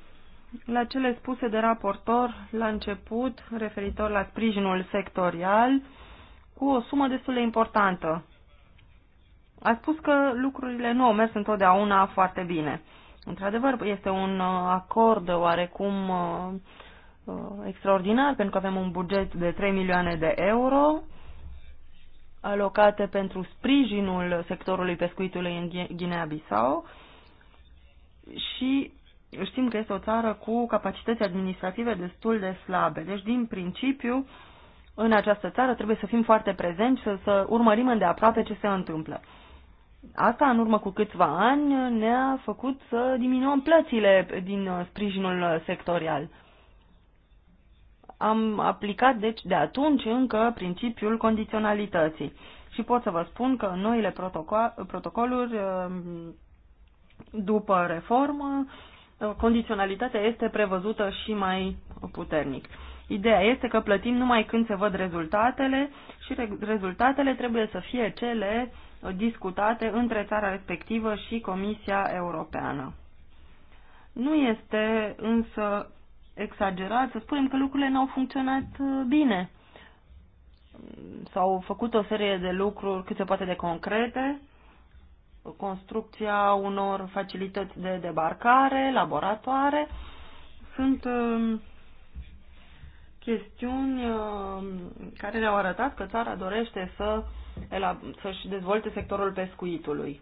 la cele spuse de raportor la început, referitor la sprijinul sectorial, cu o sumă destul de importantă. A spus că lucrurile nu au mers întotdeauna foarte bine. Într-adevăr, este un uh, acord oarecum uh, uh, extraordinar, pentru că avem un buget de 3 milioane de euro alocate pentru sprijinul sectorului pescuitului în Guinea-Bissau și știm că este o țară cu capacități administrative destul de slabe. Deci, din principiu, în această țară trebuie să fim foarte prezenți, să, să urmărim îndeaproape ce se întâmplă. Asta, în urmă cu câțiva ani, ne-a făcut să diminuăm plățile din uh, sprijinul sectorial. Am aplicat, deci, de atunci încă principiul condiționalității. Și pot să vă spun că noile protocoluri, uh, după reformă, condiționalitatea este prevăzută și mai puternic. Ideea este că plătim numai când se văd rezultatele și rezultatele trebuie să fie cele discutate între țara respectivă și Comisia Europeană. Nu este însă exagerat să spunem că lucrurile n-au funcționat uh, bine. S-au făcut o serie de lucruri cât se poate de concrete, construcția unor facilități de debarcare, laboratoare. Sunt um, chestiuni um, care ne-au arătat că țara dorește să, să-și dezvolte sectorul pescuitului.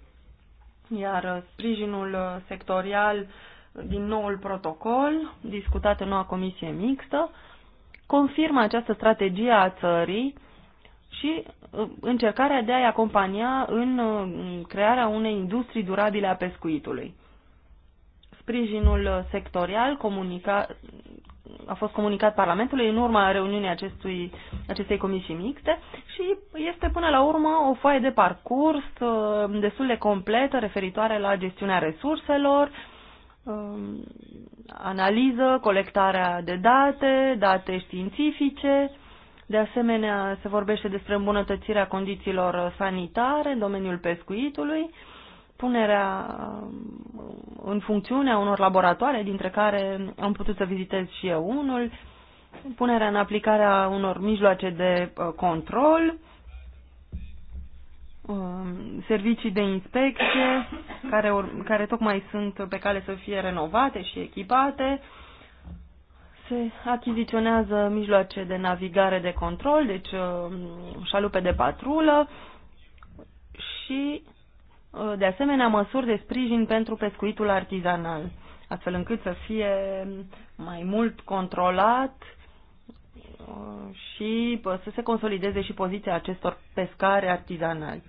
Iar uh, sprijinul uh, sectorial uh, din noul protocol, discutat în noua comisie mixtă, confirmă această strategie a țării și uh, încercarea de a-i acompania uh, în crearea unei industrii durabile a pescuitului. Sprijinul uh, sectorial comunica, a fost comunicat Parlamentului în urma reuniunii acestui, acestei comisii mixte și este până la urmă o foaie de parcurs destul de completă referitoare la gestiunea resurselor, um, analiză, colectarea de date, date științifice, de asemenea, se vorbește despre îmbunătățirea condițiilor sanitare în domeniul pescuitului, punerea um, în funcțiune a unor laboratoare, dintre care am putut să vizitez și eu unul, punerea în aplicare a unor mijloace de uh, control, um, servicii de inspecție care, care tocmai sunt pe cale să fie renovate și echipate, se achiziționează mijloace de navigare de control, deci um, șalupe de patrulă și, uh, de asemenea, măsuri de sprijin pentru pescuitul artizanal, astfel încât să fie mai mult controlat uh, și uh, să se consolideze și poziția acestor pescari artizanali.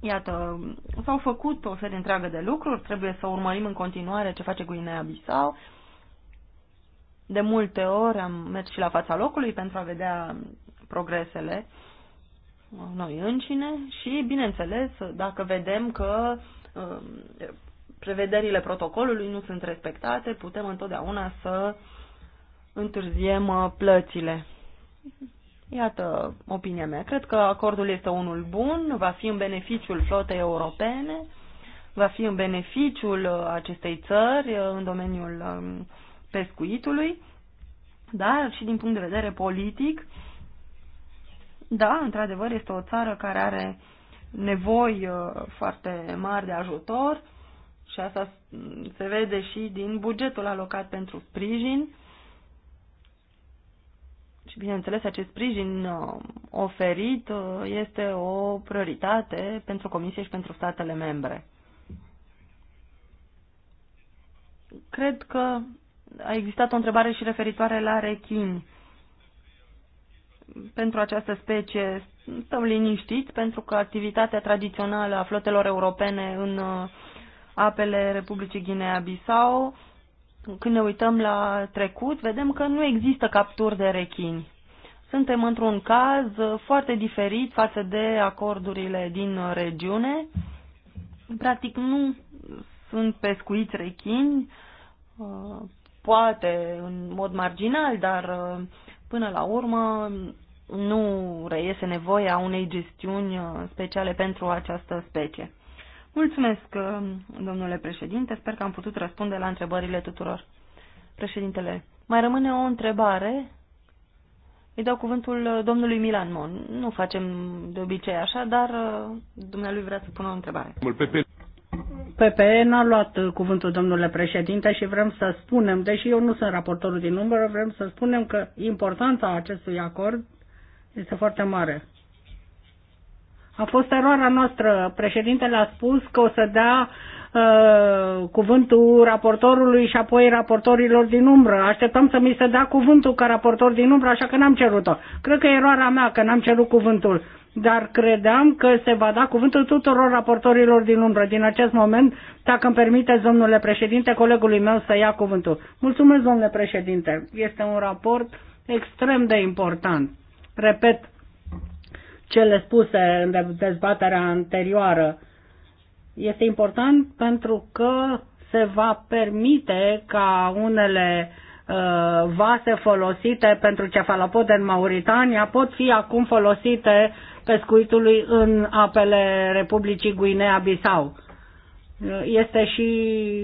Iată, s-au făcut o serie întreagă de lucruri, trebuie să urmărim în continuare ce face Guinea-Bissau. De multe ori am mers și la fața locului pentru a vedea progresele noi încine și, bineînțeles, dacă vedem că um, prevederile protocolului nu sunt respectate, putem întotdeauna să întârziem uh, plățile. Iată opinia mea. Cred că acordul este unul bun, va fi în beneficiul flotei europene, va fi în beneficiul uh, acestei țări uh, în domeniul um, pescuitului, dar și din punct de vedere politic, da, într-adevăr, este o țară care are nevoi uh, foarte mari de ajutor și asta se vede și din bugetul alocat pentru sprijin și, bineînțeles, acest sprijin uh, oferit uh, este o prioritate pentru Comisie și pentru statele membre. Cred că a existat o întrebare și referitoare la rechini. Pentru această specie stăm liniștiți pentru că activitatea tradițională a flotelor europene în uh, apele Republicii Guinea-Bissau când ne uităm la trecut, vedem că nu există capturi de rechini. Suntem într-un caz foarte diferit față de acordurile din regiune. Practic nu sunt pescuiți rechini, uh, poate în mod marginal, dar uh, până la urmă nu reiese nevoia unei gestiuni uh, speciale pentru această specie. Mulțumesc, um, domnule președinte. Sper că am putut răspunde la întrebările tuturor. Președintele, mai rămâne o întrebare? Îi dau cuvântul uh, domnului Milan Mon. Nu facem de obicei așa, dar uh, dumnealui vrea să pună o întrebare. PPE n-a luat uh, cuvântul domnule președinte și vrem să spunem, deși eu nu sunt raportorul din număr, vrem să spunem că importanța acestui acord este foarte mare. A fost eroarea noastră. Președintele a spus că o să dea uh, cuvântul raportorului și apoi raportorilor din umbră. Așteptam să mi se dea cuvântul ca raportor din umbră, așa că n-am cerut-o. Cred că e eroarea mea că n-am cerut cuvântul. Dar credeam că se va da cuvântul tuturor raportorilor din umbră. Din acest moment, dacă îmi permite domnule președinte, colegului meu să ia cuvântul. Mulțumesc, domnule președinte. Este un raport extrem de important. Repet, cele spuse în dezbaterea anterioară. Este important pentru că se va permite ca unele uh, vase folosite pentru cefalopod în Mauritania pot fi acum folosite pescuitului în apele Republicii Guinea-Bissau. Uh, este și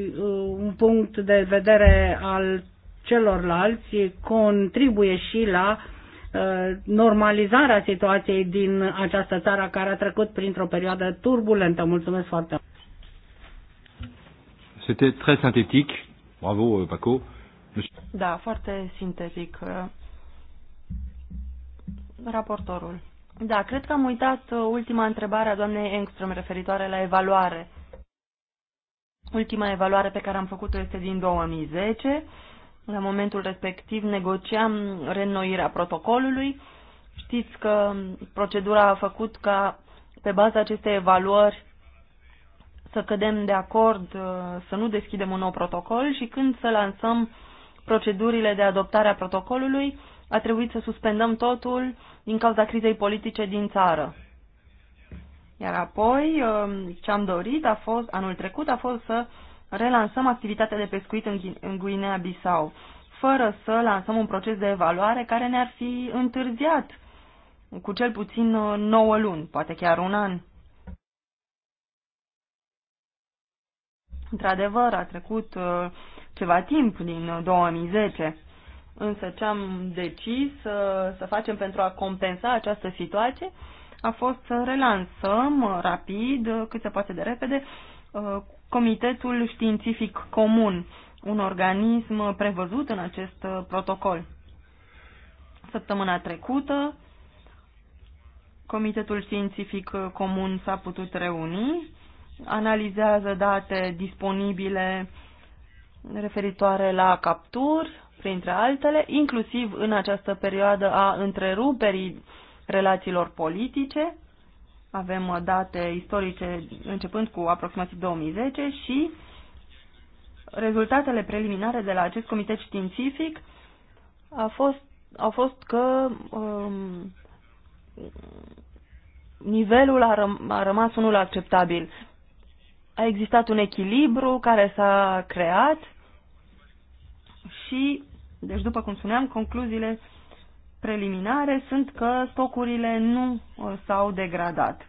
uh, un punct de vedere al celorlalți, contribuie și la Uh, normalizarea situației din această țară care a trecut printr-o perioadă turbulentă. Mulțumesc foarte mult! C'était très synthétique. Bravo, euh, Paco. Da, foarte sintetic. Uh, raportorul. Da, cred că am uitat uh, ultima întrebare a doamnei Engström referitoare la evaluare. Ultima evaluare pe care am făcut-o este din 2010 la momentul respectiv negociam reînnoirea protocolului. Știți că procedura a făcut ca pe baza acestei evaluări să cădem de acord uh, să nu deschidem un nou protocol și când să lansăm procedurile de adoptare a protocolului, a trebuit să suspendăm totul din cauza crizei politice din țară. Iar apoi, uh, ce am dorit a fost, anul trecut a fost să relansăm activitatea de pescuit în, în Guinea-Bissau, fără să lansăm un proces de evaluare care ne-ar fi întârziat cu cel puțin 9 uh, luni, poate chiar un an. Într-adevăr, a trecut uh, ceva timp din 2010, uh, însă ce am decis să facem pentru a compensa această situație a fost să relansăm rapid, cât se poate de repede, Comitetul Științific Comun, un organism prevăzut în acest uh, protocol. Săptămâna trecută, Comitetul Științific Comun s-a putut reuni, analizează date disponibile referitoare la capturi, printre altele, inclusiv în această perioadă a întreruperii relațiilor politice, avem uh, date istorice începând cu aproximativ 2010 și rezultatele preliminare de la acest comitet științific a fost, au fost că um, nivelul a, răm a rămas unul acceptabil. A existat un echilibru care s-a creat și, deci după cum spuneam, concluziile preliminare sunt că stocurile nu uh, s-au degradat.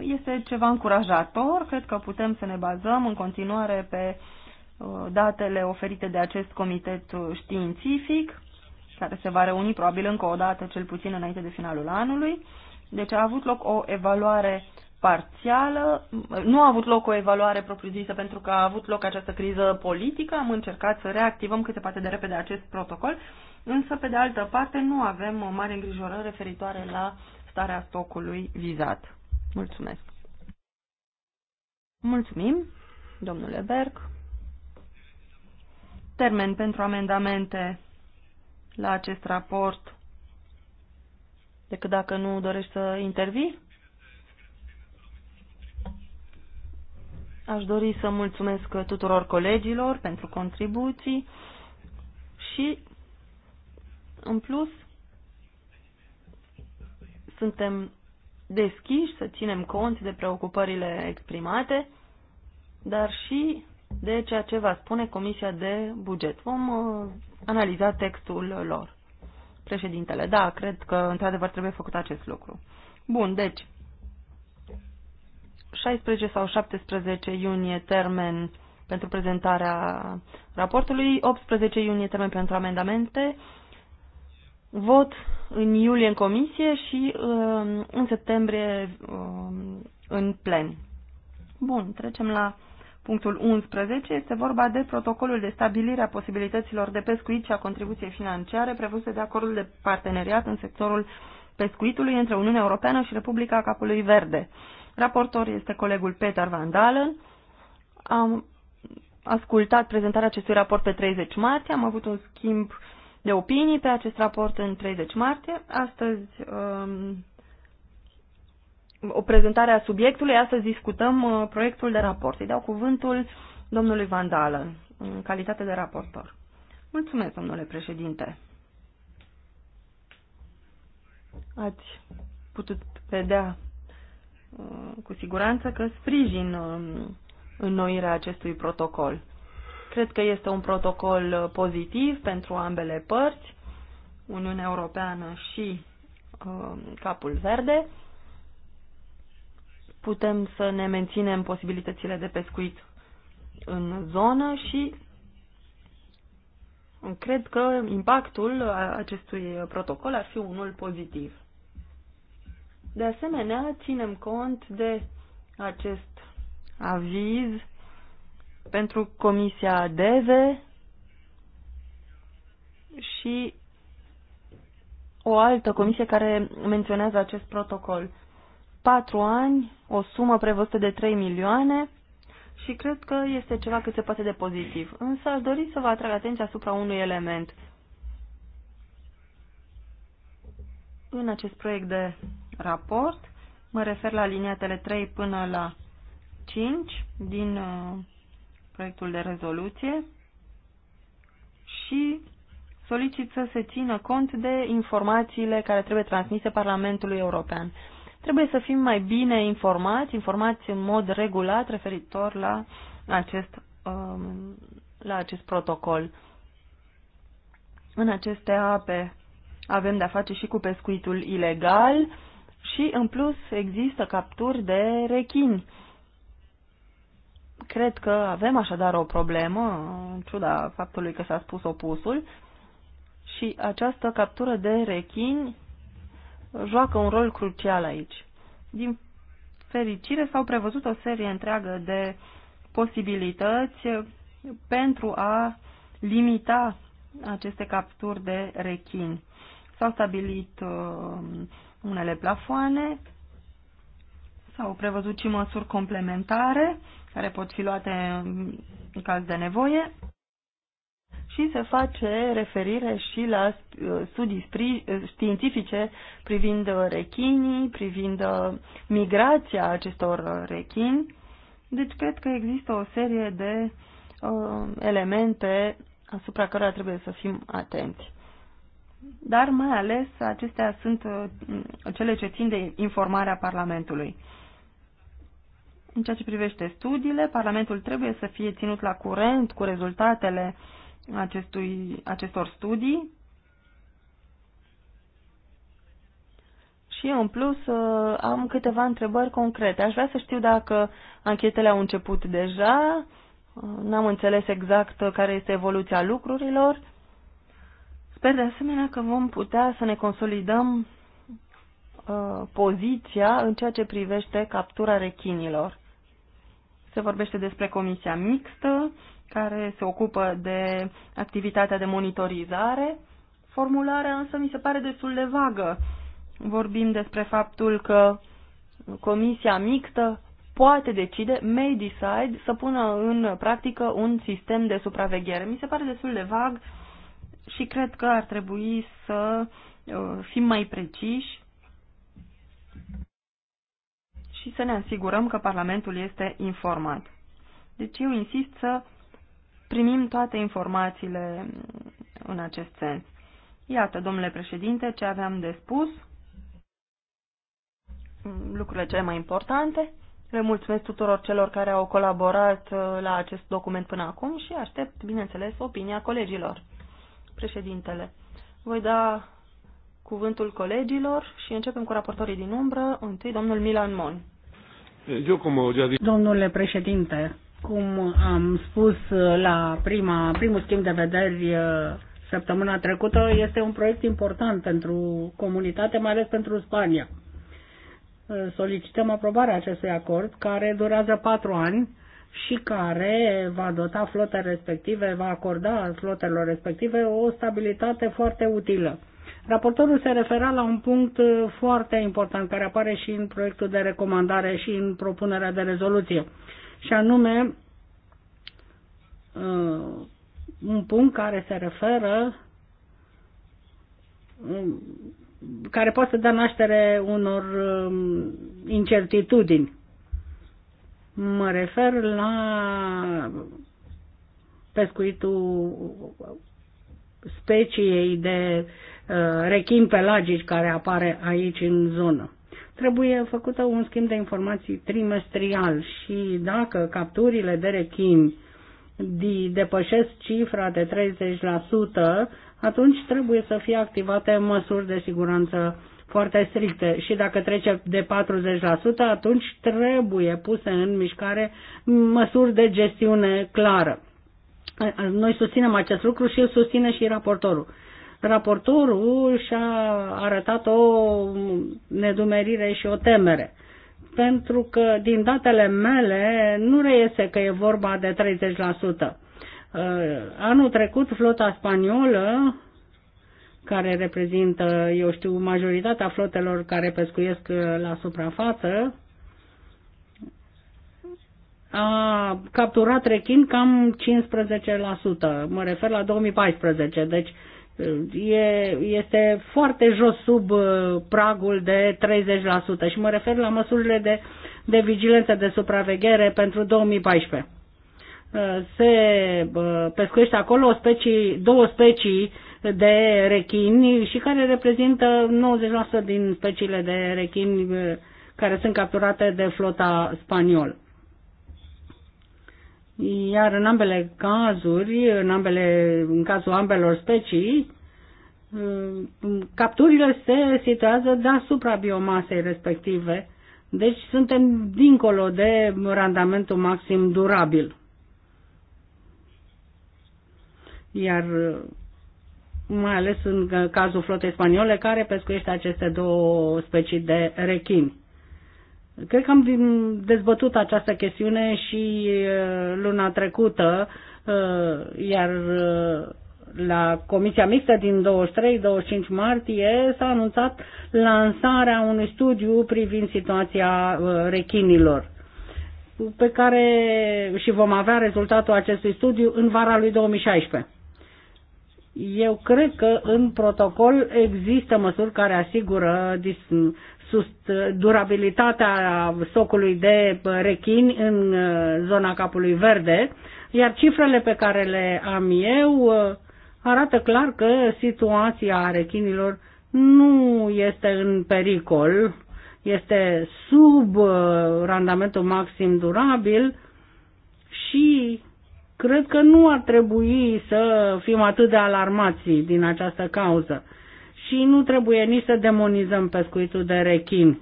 Este ceva încurajator, cred că putem să ne bazăm în continuare pe uh, datele oferite de acest comitet uh, științific, care se va reuni probabil încă o dată, cel puțin înainte de finalul anului. Deci a avut loc o evaluare parțială, mm, nu a avut loc o evaluare propriu-zisă pentru că a avut loc această criză politică, am încercat să reactivăm cât se poate de repede acest protocol însă, pe de altă parte, nu avem o mare îngrijorări referitoare la starea stocului vizat. Mulțumesc! Mulțumim, domnule Berg. Termen pentru amendamente la acest raport, decât dacă nu dorești să intervii? Aș dori să mulțumesc tuturor colegilor pentru contribuții și în plus, suntem deschiși să ținem cont de preocupările exprimate, dar și de ceea ce va spune Comisia de Buget. Vom uh, analiza textul lor. Președintele, da, cred că într-adevăr trebuie făcut acest lucru. Bun, deci, 16 sau 17 iunie termen pentru prezentarea raportului, 18 iunie termen pentru amendamente, vot în iulie în comisie și um, în septembrie um, în plen. Bun, trecem la punctul 11. Este vorba de protocolul de stabilire a posibilităților de pescuit și a contribuției financiare prevăzute de acordul de parteneriat în sectorul pescuitului între Uniunea Europeană și Republica Capului Verde. Raportor este colegul Peter Van Dalen. Am ascultat prezentarea acestui raport pe 30 martie, am avut un schimb uh, de opinii pe acest raport în 30 martie. Astăzi um, o prezentare a subiectului, astăzi discutăm uh, proiectul de raport. Îi dau cuvântul domnului Vandală în calitate de raportor. Mulțumesc, domnule președinte. Ați putut vedea uh, cu siguranță că sprijin um, înnoirea acestui protocol. Cred că este un protocol uh, pozitiv pentru ambele părți, Uniunea Europeană și um, Capul Verde. Putem să ne menținem posibilitățile de pescuit în zonă și um, cred că impactul uh, acestui protocol ar fi unul pozitiv. De asemenea, ținem cont de acest aviz pentru Comisia DEVE și o altă comisie care menționează acest protocol. Patru ani, o sumă prevăzută de 3 milioane și cred că este ceva cât se poate de pozitiv. Însă aș dori să vă atrag atenția asupra unui element. În acest proiect de raport, mă refer la liniatele 3 până la 5 din uh, proiectul de rezoluție și solicit să se țină cont de informațiile care trebuie transmise Parlamentului European. Trebuie să fim mai bine informați, informați în mod regulat referitor la acest, um, la acest protocol. În aceste ape avem de-a face și cu pescuitul ilegal și, în plus, există capturi de rechini Cred că avem așadar o problemă, în ciuda faptului că s-a spus opusul, și această captură de rechini joacă un rol crucial aici. Din fericire s-au prevăzut o serie întreagă de posibilități pentru a limita aceste capturi de rechini. S-au stabilit uh, unele plafoane, s-au prevăzut și măsuri complementare care pot fi luate în caz de nevoie și se face referire și la uh, studii uh, științifice privind uh, rechinii, privind migrația acestor rechini. Deci cred că există o serie de uh, elemente asupra cărora trebuie să fim atenți. Dar mai ales acestea sunt uh, cele ce țin de informarea Parlamentului. În ceea ce privește studiile, Parlamentul trebuie să fie ținut la curent cu rezultatele acestui, acestor studii și în plus uh, am câteva întrebări concrete. Aș vrea să știu dacă anchetele au început deja, uh, n-am înțeles exact care este evoluția lucrurilor. Sper de asemenea că vom putea să ne consolidăm uh, poziția în ceea ce privește captura rechinilor. Se vorbește despre comisia mixtă, care se ocupă de activitatea de monitorizare. Formularea însă mi se pare destul de vagă. Vorbim despre faptul că comisia mixtă poate decide, may decide, să pună în practică un sistem de supraveghere. Mi se pare destul de vag și cred că ar trebui să uh, fim mai preciși și să ne asigurăm că Parlamentul este informat. Deci eu insist să primim toate informațiile în acest sens. Iată, domnule președinte, ce aveam de spus, lucrurile cele mai importante. Le mulțumesc tuturor celor care au colaborat uh, la acest document până acum și aștept, bineînțeles, opinia colegilor. Președintele, voi da cuvântul colegilor și începem cu raportorii din umbră, întâi domnul Milan Mon. Eu, cum Domnule președinte, cum am spus la prima, primul schimb de vederi uh, săptămâna trecută, este un proiect important pentru comunitate, mai ales pentru Spania. Uh, solicităm aprobarea acestui acord, care durează patru ani și care va dota flotele respective, va acorda flotelor respective o stabilitate foarte utilă Raportorul se refera la un punct uh, foarte important care apare și în proiectul de recomandare și în propunerea de rezoluție, și anume uh, un punct care se referă um, care poate să dea naștere unor um, incertitudini. Mă refer la pescuitul speciei de Uh, rechim pelagici care apare aici în zonă. Trebuie făcută un schimb de informații trimestrial și dacă capturile de de depășesc cifra de 30%, atunci trebuie să fie activate măsuri de siguranță foarte stricte și dacă trece de 40%, atunci trebuie puse în mișcare măsuri de gestiune clară. Noi susținem acest lucru și îl susține și raportorul raportorul și-a arătat o nedumerire și o temere. Pentru că din datele mele nu reiese că e vorba de 30%. Uh, anul trecut flota spaniolă, care reprezintă, eu știu, majoritatea flotelor care pescuiesc uh, la suprafață, a capturat rechin cam 15%, mă refer la 2014, deci e, este foarte jos sub uh, pragul de 30% și mă refer la măsurile de, de vigilență, de supraveghere pentru 2014. Uh, se uh, pescuiește acolo o specie două specii de rechini și care reprezintă 90% din speciile de rechini care sunt capturate de flota spaniolă. Iar în ambele cazuri, în, ambele, în cazul ambelor specii, uh, capturile se situează deasupra biomasei respective, deci suntem dincolo de randamentul maxim durabil. Iar uh, mai ales în cazul flotei spaniole care pescuiește aceste două specii de rechini. Cred că am dezbătut această chestiune și uh, luna trecută, uh, iar uh, la Comisia Mixtă din 23-25 martie s-a anunțat lansarea unui studiu privind situația rechinilor pe care și vom avea rezultatul acestui studiu în vara lui 2016. Eu cred că în protocol există măsuri care asigură durabilitatea socului de rechini în uh, zona capului verde, iar cifrele pe care le am eu uh, arată clar că situația rechinilor nu este în pericol, este sub uh, randamentul maxim durabil și cred că nu ar trebui să fim atât de alarmați din această cauză și nu trebuie nici să demonizăm pescuitul de rechin.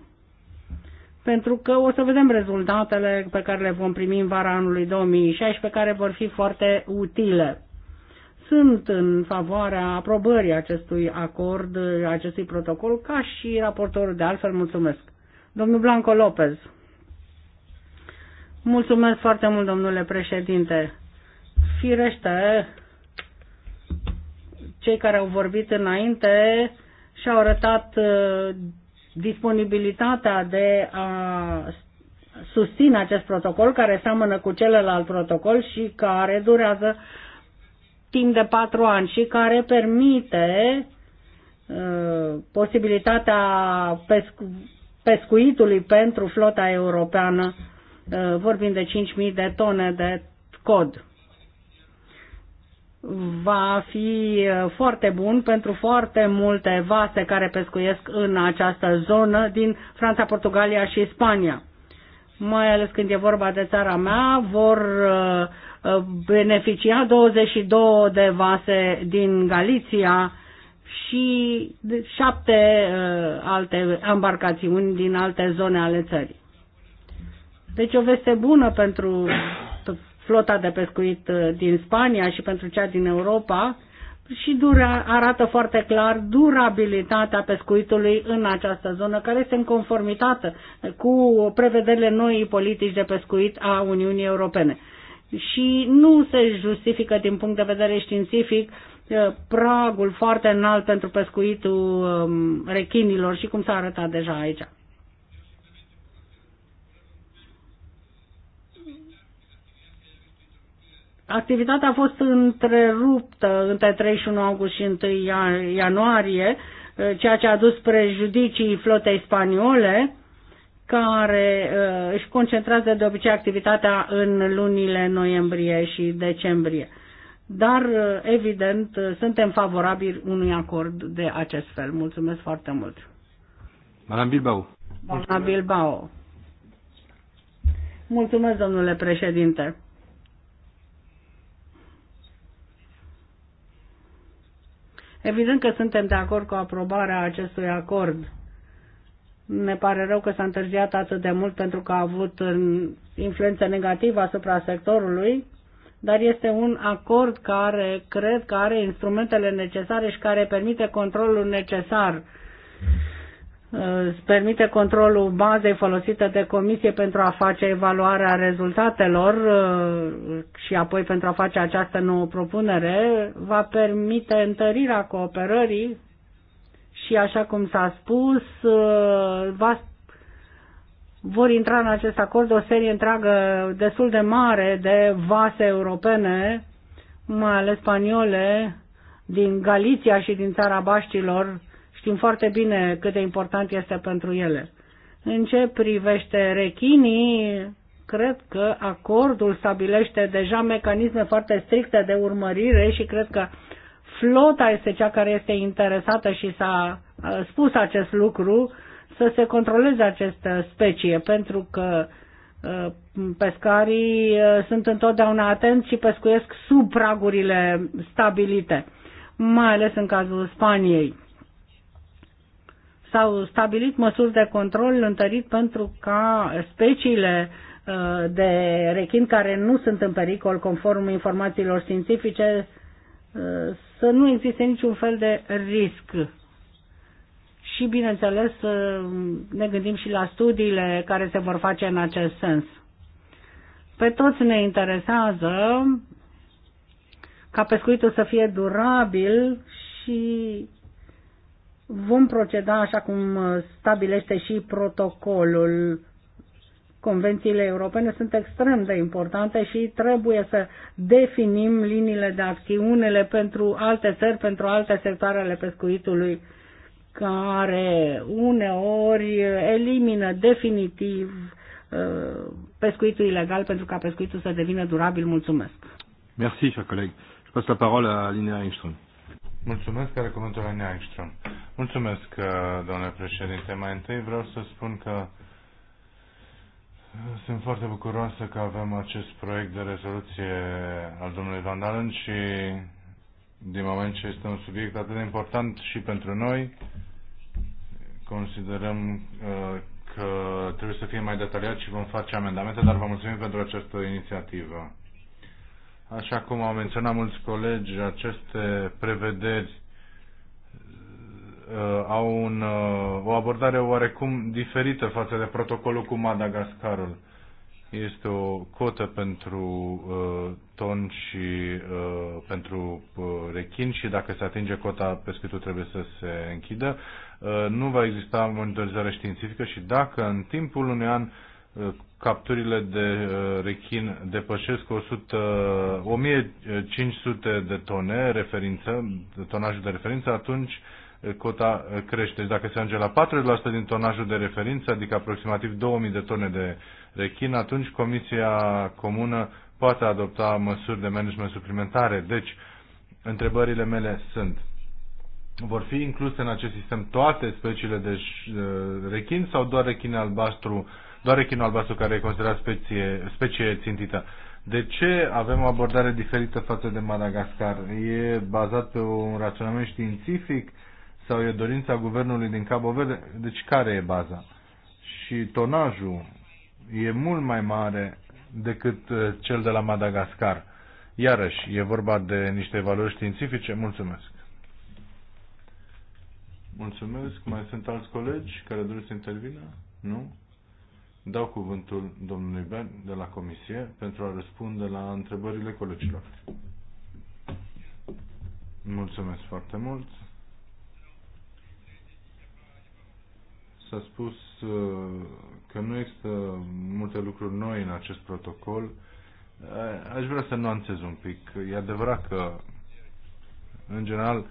Pentru că o să vedem rezultatele pe care le vom primi în vara anului 2016, care vor fi foarte utile. Sunt în favoarea aprobării acestui acord, acestui protocol, ca și raportorul de altfel. Mulțumesc. Domnul Blanco Lopez. Mulțumesc foarte mult, domnule președinte. Firește, cei care au vorbit înainte și-au arătat uh, disponibilitatea de a susține acest protocol care seamănă cu celălalt protocol și care durează timp de patru ani și care permite uh, posibilitatea pescu- pescuitului pentru flota europeană, uh, vorbim de 5.000 de tone de cod va fi uh, foarte bun pentru foarte multe vase care pescuiesc în această zonă din Franța, Portugalia și Spania. Mai ales când e vorba de țara mea, vor uh, uh, beneficia 22 de vase din Galiția și șapte alte embarcațiuni din alte zone ale țării. Deci o veste bună pentru flota de pescuit uh, din Spania și pentru cea din Europa și dura, arată foarte clar durabilitatea pescuitului în această zonă, care este în conformitate cu prevederile noii politici de pescuit a Uniunii Europene. Și nu se justifică din punct de vedere științific uh, pragul foarte înalt pentru pescuitul um, rechinilor și cum s-a arătat deja aici. Activitatea a fost întreruptă între 31 august și 1 ianuarie, eh, ceea ce a dus prejudicii flotei spaniole, care eh, își concentrează de obicei activitatea în lunile noiembrie și decembrie. Dar, eh, evident, suntem favorabili unui acord de acest fel. Mulțumesc foarte mult. Madame Bilbao. Madame Bilbao. Mulțumesc, domnule președinte. Evident că suntem de acord cu aprobarea acestui acord. Ne pare rău că s-a întârziat atât de mult pentru că a avut influență negativă asupra sectorului, dar este un acord care cred că are instrumentele necesare și care permite controlul necesar permite controlul bazei folosită de comisie pentru a face evaluarea rezultatelor uh, și apoi pentru a face această nouă propunere, va permite întărirea cooperării și, așa cum s-a spus, uh, va, vor intra în acest acord o serie întreagă destul de mare de vase europene, mai ales spaniole, din Galiția și din țara Baștilor, Știm foarte bine cât de important este pentru ele. În ce privește rechinii, cred că acordul stabilește deja mecanisme foarte stricte de urmărire și cred că flota este cea care este interesată și s-a spus acest lucru, să se controleze această specie, pentru că pescarii sunt întotdeauna atenți și pescuiesc sub pragurile stabilite, mai ales în cazul Spaniei s-au stabilit măsuri de control întărit pentru ca speciile uh, de rechin care nu sunt în pericol conform informațiilor științifice uh, să nu existe niciun fel de risc. Și, bineînțeles, uh, ne gândim și la studiile care se vor face în acest sens. Pe toți ne interesează ca pescuitul să fie durabil și Vom proceda așa cum uh, stabilește și protocolul. Convențiile europene sunt extrem de importante și trebuie să definim liniile de acțiunele pentru alte țări, pentru alte sectoare ale pescuitului care uneori elimină definitiv uh, pescuitul ilegal pentru ca pescuitul să devină durabil. Mulțumesc. Merci, cher collègue. Je passe la parole à Linnea Engström. Mulțumesc, care comentul Ania Ekström. Mulțumesc, uh, domnule președinte. Mai întâi vreau să spun că uh, sunt foarte bucuroasă că avem acest proiect de rezoluție al domnului Van Dalen și din moment ce este un subiect atât de important și pentru noi, considerăm uh, că trebuie să fie mai detaliat și vom face amendamente, dar vă mulțumim pentru această inițiativă. Așa cum au menționat mulți colegi, aceste prevederi uh, au un, uh, o abordare oarecum diferită față de protocolul cu Madagascarul. Este o cotă pentru uh, ton și uh, pentru uh, rechin și dacă se atinge cota, pescuitul trebuie să se închidă. Uh, nu va exista monitorizare științifică și dacă în timpul unui an uh, capturile de uh, rechin depășesc 100, 1500 uh, de tone referință, tonajul de referință, atunci uh, cota crește. Deci dacă se ajunge la 40% din tonajul de referință, adică aproximativ 2000 de tone de rechin, atunci Comisia Comună poate adopta măsuri de management suplimentare. Deci, întrebările mele sunt, vor fi incluse în acest sistem toate speciile de rechin sau doar rechin albastru doar echinul albastru care e considerat specie, specie țintită. De ce avem o abordare diferită față de Madagascar? E bazat pe un raționament științific sau e dorința guvernului din Cabo Verde? Deci care e baza? Și tonajul e mult mai mare decât uh, cel de la Madagascar. Iarăși, e vorba de niște valori științifice. Mulțumesc! Mulțumesc. Mai sunt alți colegi care doresc să intervină? Nu? Dau cuvântul domnului Ben de la Comisie pentru a răspunde la întrebările colegilor. Mulțumesc foarte mult. S-a spus uh, că nu există multe lucruri noi în acest protocol. Uh, aș vrea să nuanțez un pic. E adevărat că, în general,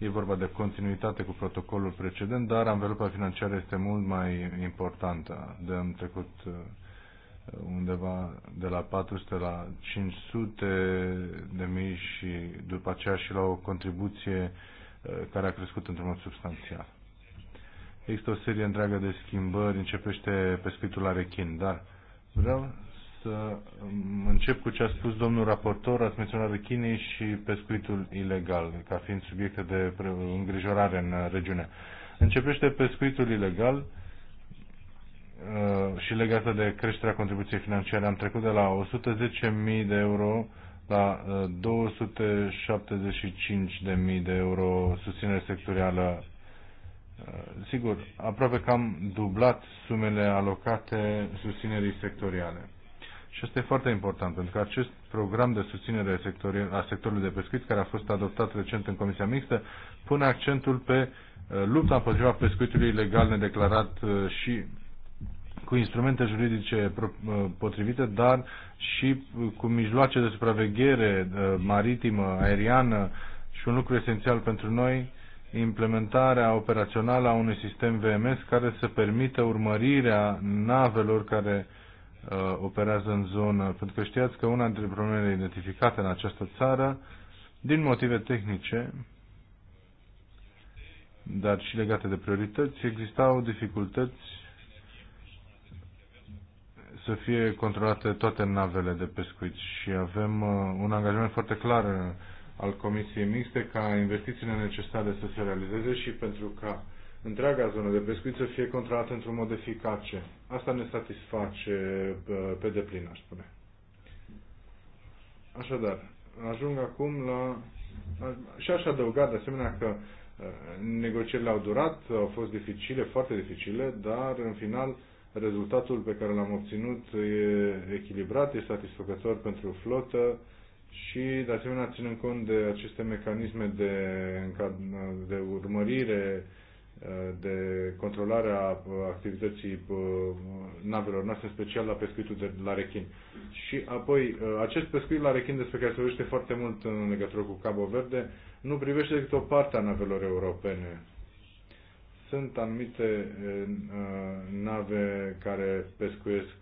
E vorba de continuitate cu protocolul precedent, dar anvelopa financiară este mult mai importantă. De am trecut uh, undeva de la 400 la 500 de mii și după aceea și la o contribuție uh, care a crescut într-un mod substanțial. Există o serie întreagă de schimbări, începește pescuitul la rechin, dar vreau să um, încep cu ce a spus domnul raportor, ați menționat rechinii și pescuitul ilegal, ca fiind subiecte de îngrijorare în regiune. Începește pescuitul ilegal uh, și legată de creșterea contribuției financiare. Am trecut de la 110.000 de euro la 275.000 uh, de euro susținere sectorială uh, sigur, aproape că am dublat sumele alocate susținerii sectoriale. Și asta e foarte important, pentru că acest program de susținere a sectorului de pescuit, care a fost adoptat recent în Comisia Mixtă, pune accentul pe uh, lupta împotriva pescuitului ilegal nedeclarat uh, și cu instrumente juridice uh, potrivite, dar și cu mijloace de supraveghere maritimă, aeriană și un lucru esențial pentru noi, implementarea operațională a unui sistem VMS care să permită urmărirea navelor care uh, Uh, operează în zonă, pentru că știați că una dintre problemele identificate în această țară, din motive tehnice, dar și legate de priorități, existau dificultăți să fie controlate toate navele de pescuit și avem uh, un angajament foarte clar uh, al Comisiei Mixte ca investițiile necesare să se realizeze și pentru ca întreaga zonă de pescuit să fie controlată într-un mod eficace. Asta ne satisface pe deplin, aș spune. Așadar, ajung acum la... Și aș adăuga de asemenea că uh, negocierile au durat, au fost dificile, foarte dificile, dar în final rezultatul pe care l-am obținut e echilibrat, e satisfăcător pentru flotă și de asemenea ținând cont de aceste mecanisme de, de urmărire de controlare a uh, activității uh, navelor noastre, special la pescuitul de la rechin. Și apoi, uh, acest pescuit la rechin despre care se vorbește foarte mult în legătură cu Cabo Verde, nu privește decât o parte a navelor europene. Sunt anumite nave care pescuiesc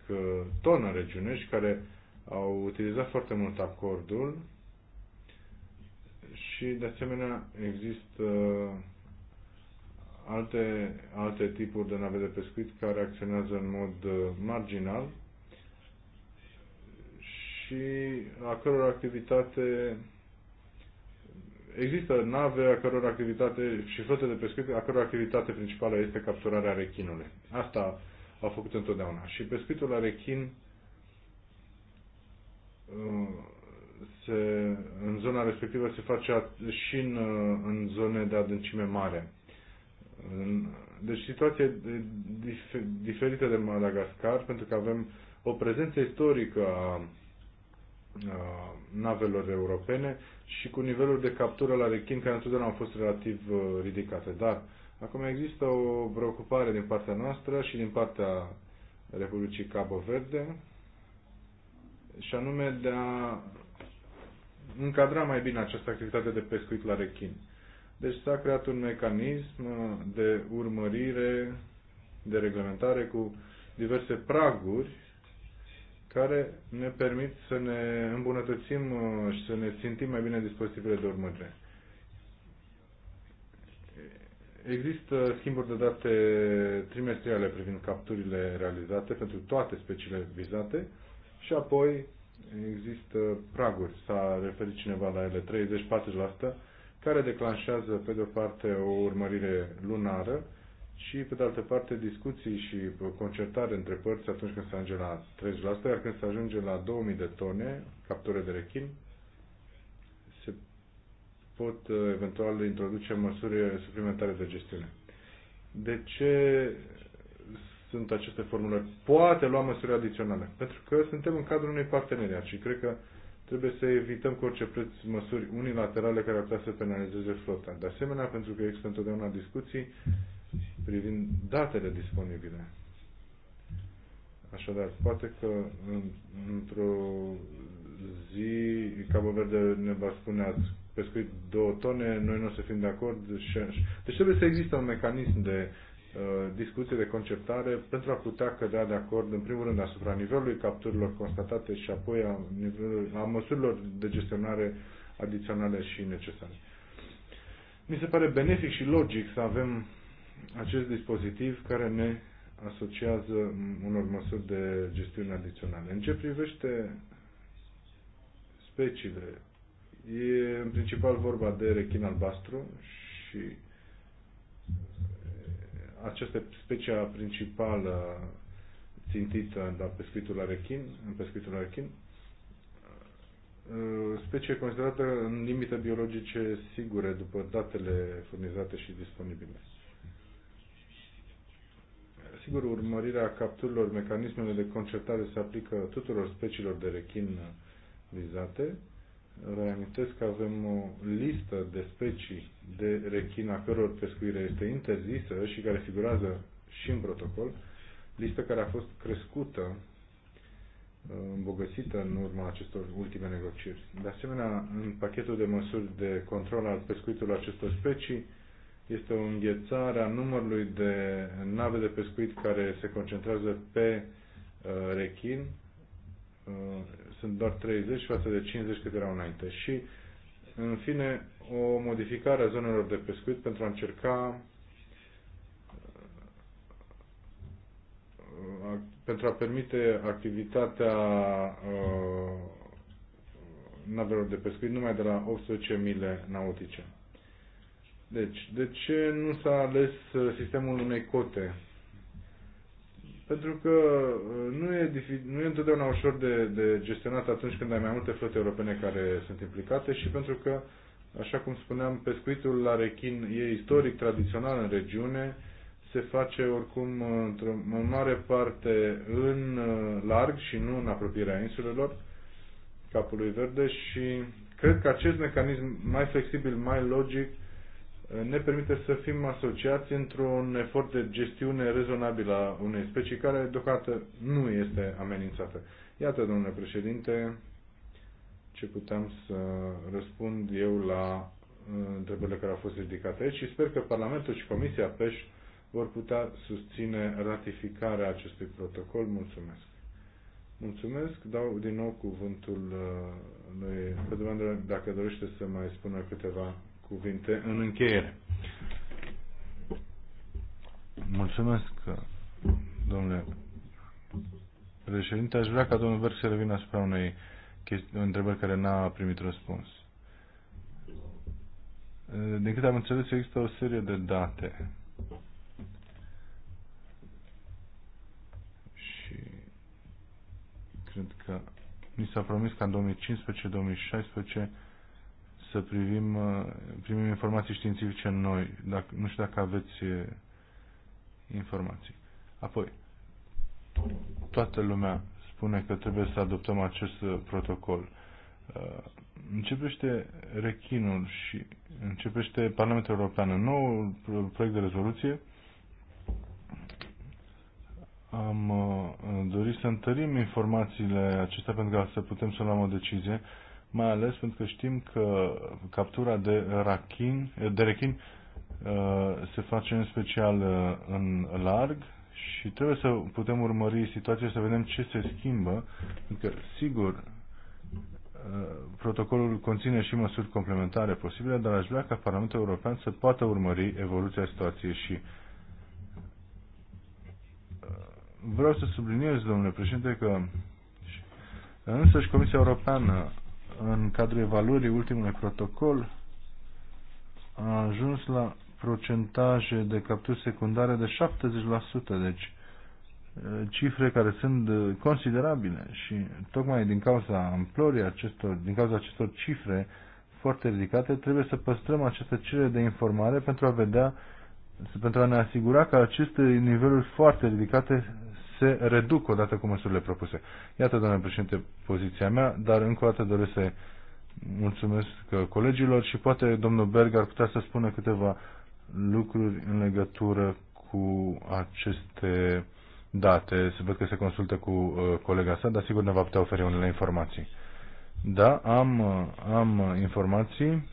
ton în regiune și care au utilizat foarte mult acordul și, de asemenea, există alte, alte tipuri de nave de pescuit care acționează în mod uh, marginal și a căror activitate există nave a căror activitate și flote de pescuit a căror activitate principală este capturarea rechinului. Asta a făcut întotdeauna. Și pescuitul la rechin uh, se, în zona respectivă se face și în, uh, în zone de adâncime mare. Deci situație diferită de Madagascar, pentru că avem o prezență istorică a navelor europene și cu niveluri de captură la rechin care întotdeauna au fost relativ uh, ridicate. Dar acum există o preocupare din partea noastră și din partea Republicii Cabo Verde și anume de a încadra mai bine această activitate de pescuit la rechin. Deci s-a creat un mecanism de urmărire, de reglementare cu diverse praguri care ne permit să ne îmbunătățim uh, și să ne simțim mai bine dispozitivele de urmărire. Există schimburi de date trimestriale privind capturile realizate pentru toate speciile vizate și apoi există praguri. S-a referit cineva la ele 30-40% care declanșează, pe de-o parte, o urmărire lunară și, pe de altă parte, discuții și concertare între părți atunci când se ajunge la 30%, iar când se ajunge la 2000 de tone capture de rechin, se pot uh, eventual introduce măsuri suplimentare de gestiune. De ce sunt aceste formulări? Poate lua măsuri adiționale, pentru că suntem în cadrul unei parteneriat și cred că trebuie să evităm cu orice preț măsuri unilaterale care ar putea să penalizeze flota. De asemenea, pentru că există întotdeauna discuții privind datele disponibile. Așadar, poate că într-o zi Cabo Verde ne va spune ați pescuit două tone, noi nu o să fim de acord. Deci trebuie să există un mecanism de Uh, discuții de conceptare pentru a putea cădea de acord, în primul rând, asupra nivelului capturilor constatate și apoi a, a măsurilor de gestionare adiționale și necesare. Mi se pare benefic și logic să avem acest dispozitiv care ne asociază unor măsuri de gestiune adiționale. În ce privește speciile, e în principal vorba de rechin albastru și această specia principală țintită la pescuitul arechin, în pescuitul arechin, uh, specie considerată în limite biologice sigure după datele furnizate și disponibile. Sigur, urmărirea capturilor, mecanismele de concertare se aplică tuturor speciilor de rechin vizate. Reamintesc că avem o listă de specii de rechin a căror pescuire este interzisă și care figurează și în protocol, listă care a fost crescută, uh, îmbogățită în urma acestor ultime negocieri. De asemenea, în pachetul de măsuri de control al pescuitului acestor specii, este o înghețare a numărului de nave de pescuit care se concentrează pe uh, rechin. Uh, sunt doar 30 față de 50 câte erau înainte. Și, în fine, o modificare a zonelor de pescuit pentru a încerca uh, pentru a permite activitatea uh, navelor de pescuit numai de la 18 mile nautice. Deci, de ce nu s-a ales uh, sistemul unei cote? Pentru că nu e, nu e întotdeauna ușor de, de gestionat atunci când ai mai multe flote europene care sunt implicate și pentru că uh, Așa cum spuneam, pescuitul la rechin e istoric, tradițional în regiune, se face oricum uh, în mare parte în uh, larg și nu în apropierea insulelor capului verde și cred că acest mecanism mai flexibil, mai logic, uh, ne permite să fim asociați într-un efort de gestiune rezonabilă a unei specii care deocamdată nu este amenințată. Iată, domnule președinte, ce puteam să răspund eu la uh, întrebările care au fost ridicate aici și sper că Parlamentul și Comisia PEș vor putea susține ratificarea acestui protocol. Mulțumesc! Mulțumesc, dau din nou cuvântul uh, lui Pedro dacă dorește să mai spună câteva cuvinte în încheiere. Mulțumesc, domnule președinte. Aș vrea ca domnul Berg să revină asupra unei întrebări care n-a primit răspuns. Din câte am înțeles, există o serie de date. Și cred că mi s-a promis că în 2015-2016 să privim, uh, primim informații științifice noi. Dacă, nu știu dacă aveți uh, informații. Apoi, toată lumea spune că trebuie să adoptăm acest uh, protocol. Uh, începește rechinul și începește Parlamentul European în noul proiect de rezoluție. Am uh, dorit să întărim informațiile acestea pentru ca să putem să luăm o decizie, mai ales pentru că știm că captura de, rachin, de rechin se face în special în larg și trebuie să putem urmări situația să vedem ce se schimbă, pentru că, sigur, uh, protocolul conține și măsuri complementare posibile, dar aș vrea ca Parlamentul European să poată urmări evoluția situației și uh, vreau să subliniez, domnule președinte, că însă și Comisia Europeană, în cadrul evaluării ultimului protocol, a ajuns la procentaje de capturi secundare de 70%, deci uh, cifre care sunt uh, considerabile și tocmai din cauza amplorii acestor, din cauza acestor cifre foarte ridicate, trebuie să păstrăm această cerere de informare pentru a vedea, pentru a ne asigura că aceste niveluri foarte ridicate se reduc odată cu măsurile propuse. Iată, domnule președinte, poziția mea, dar încă o dată doresc să mulțumesc uh, colegilor și poate domnul Berg ar putea să spună câteva lucruri în legătură cu aceste date. Să văd că se consultă cu uh, colega sa, dar sigur ne va putea oferi unele informații. Da, am, uh, am informații.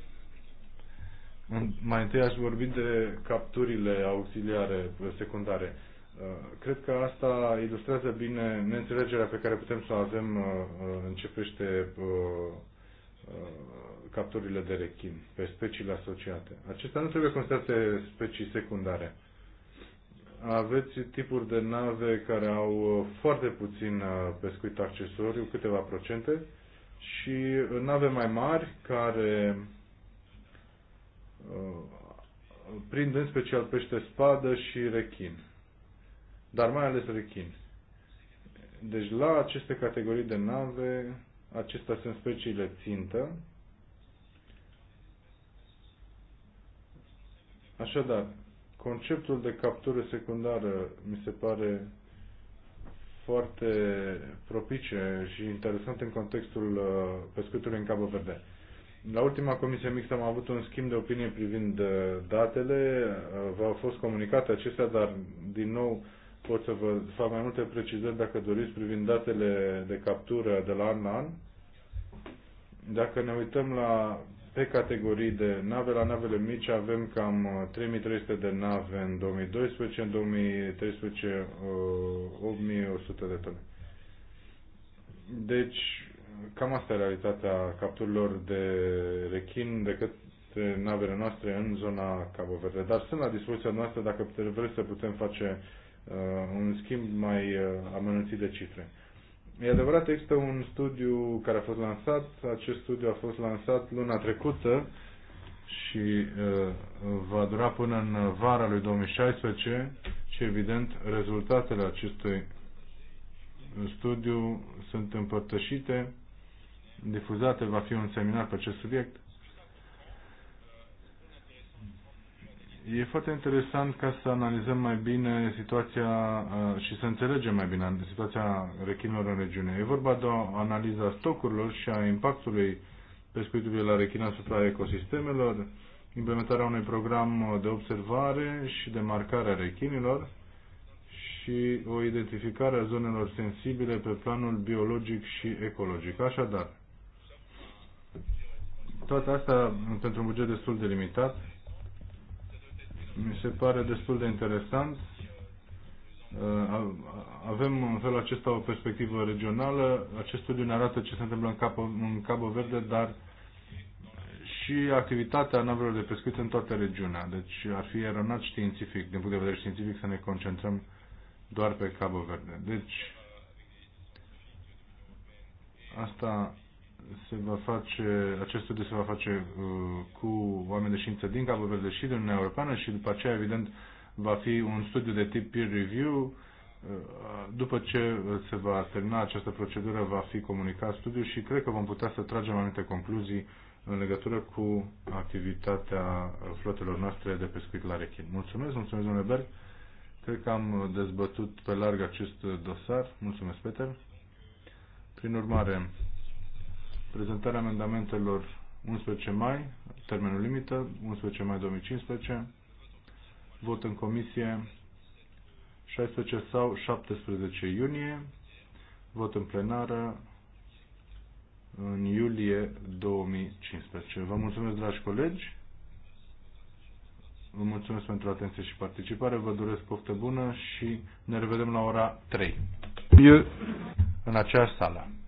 Mai întâi aș vorbi de capturile auxiliare, secundare. Uh, cred că asta ilustrează bine neînțelegerea pe care putem să o avem uh, în ce privește capturile de rechin, pe speciile asociate. Acestea nu trebuie considerate specii secundare. Aveți tipuri de nave care au uh, foarte puțin uh, pescuit accesoriu, câteva procente, și uh, nave mai mari care prind în special pește spadă și rechin. Dar mai ales rechin. Deci la aceste categorii de nave, acestea sunt speciile țintă Așadar, conceptul de captură secundară mi se pare foarte propice și interesant în contextul uh, pescuitului în Cabo Verde. La ultima comisie mixtă am avut un schimb de opinie privind uh, datele, uh, v-au fost comunicate acestea, dar din nou pot să vă fac mai multe precizări dacă doriți privind datele de captură de la an la an. Dacă ne uităm la pe categorii de nave. La navele mici avem cam 3300 uh, de nave în 2012, în 2013 8100 uh, de tone. Deci, cam asta e realitatea capturilor de rechin de către navele noastre în zona Cabo Verde. Dar sunt la dispoziția noastră dacă vreți să putem face uh, un schimb mai uh, de cifre. E adevărat, există un studiu care a fost lansat. Acest studiu a fost lansat luna trecută și uh, va dura până în vara lui 2016 și, evident, rezultatele acestui studiu sunt împărtășite, difuzate, va fi un seminar pe acest subiect E foarte interesant ca să analizăm mai bine situația uh, și să înțelegem mai bine situația rechinilor în regiune. E vorba de o analiză a stocurilor și a impactului pescuitului la rechină asupra ecosistemelor, implementarea unui program de observare și de marcare a rechinilor și o identificare a zonelor sensibile pe planul biologic și ecologic. Așadar, toate astea pentru un buget destul de limitat, mi se pare destul de interesant. Uh, avem în felul acesta o perspectivă regională. Acest studiu ne arată ce se întâmplă în Cabo, în Cabo Verde, dar și activitatea navelor de pescuit în toată regiunea. Deci ar fi eronat științific, din punct de vedere științific, să ne concentrăm doar pe Cabo Verde. Deci, asta se va face, acest studiu se va face uh, cu oameni de știință din Cabo Verde și din Uniunea Europeană și după aceea, evident, va fi un studiu de tip peer review. Uh, după ce uh, se va termina această procedură, va fi comunicat studiul și cred că vom putea să tragem anumite concluzii în legătură cu activitatea flotelor noastre de pescuit la rechin. Mulțumesc, mulțumesc, domnule Berg. Cred că am dezbătut pe larg acest dosar. Mulțumesc, Peter. Prin urmare, Prezentarea amendamentelor 11 mai, termenul limită, 11 mai 2015, vot în comisie 16 sau 17 iunie, vot în plenară în iulie 2015. Vă mulțumesc, dragi colegi! Vă mulțumesc pentru atenție și participare, vă doresc poftă bună și ne revedem la ora 3. Eu... În aceeași sală.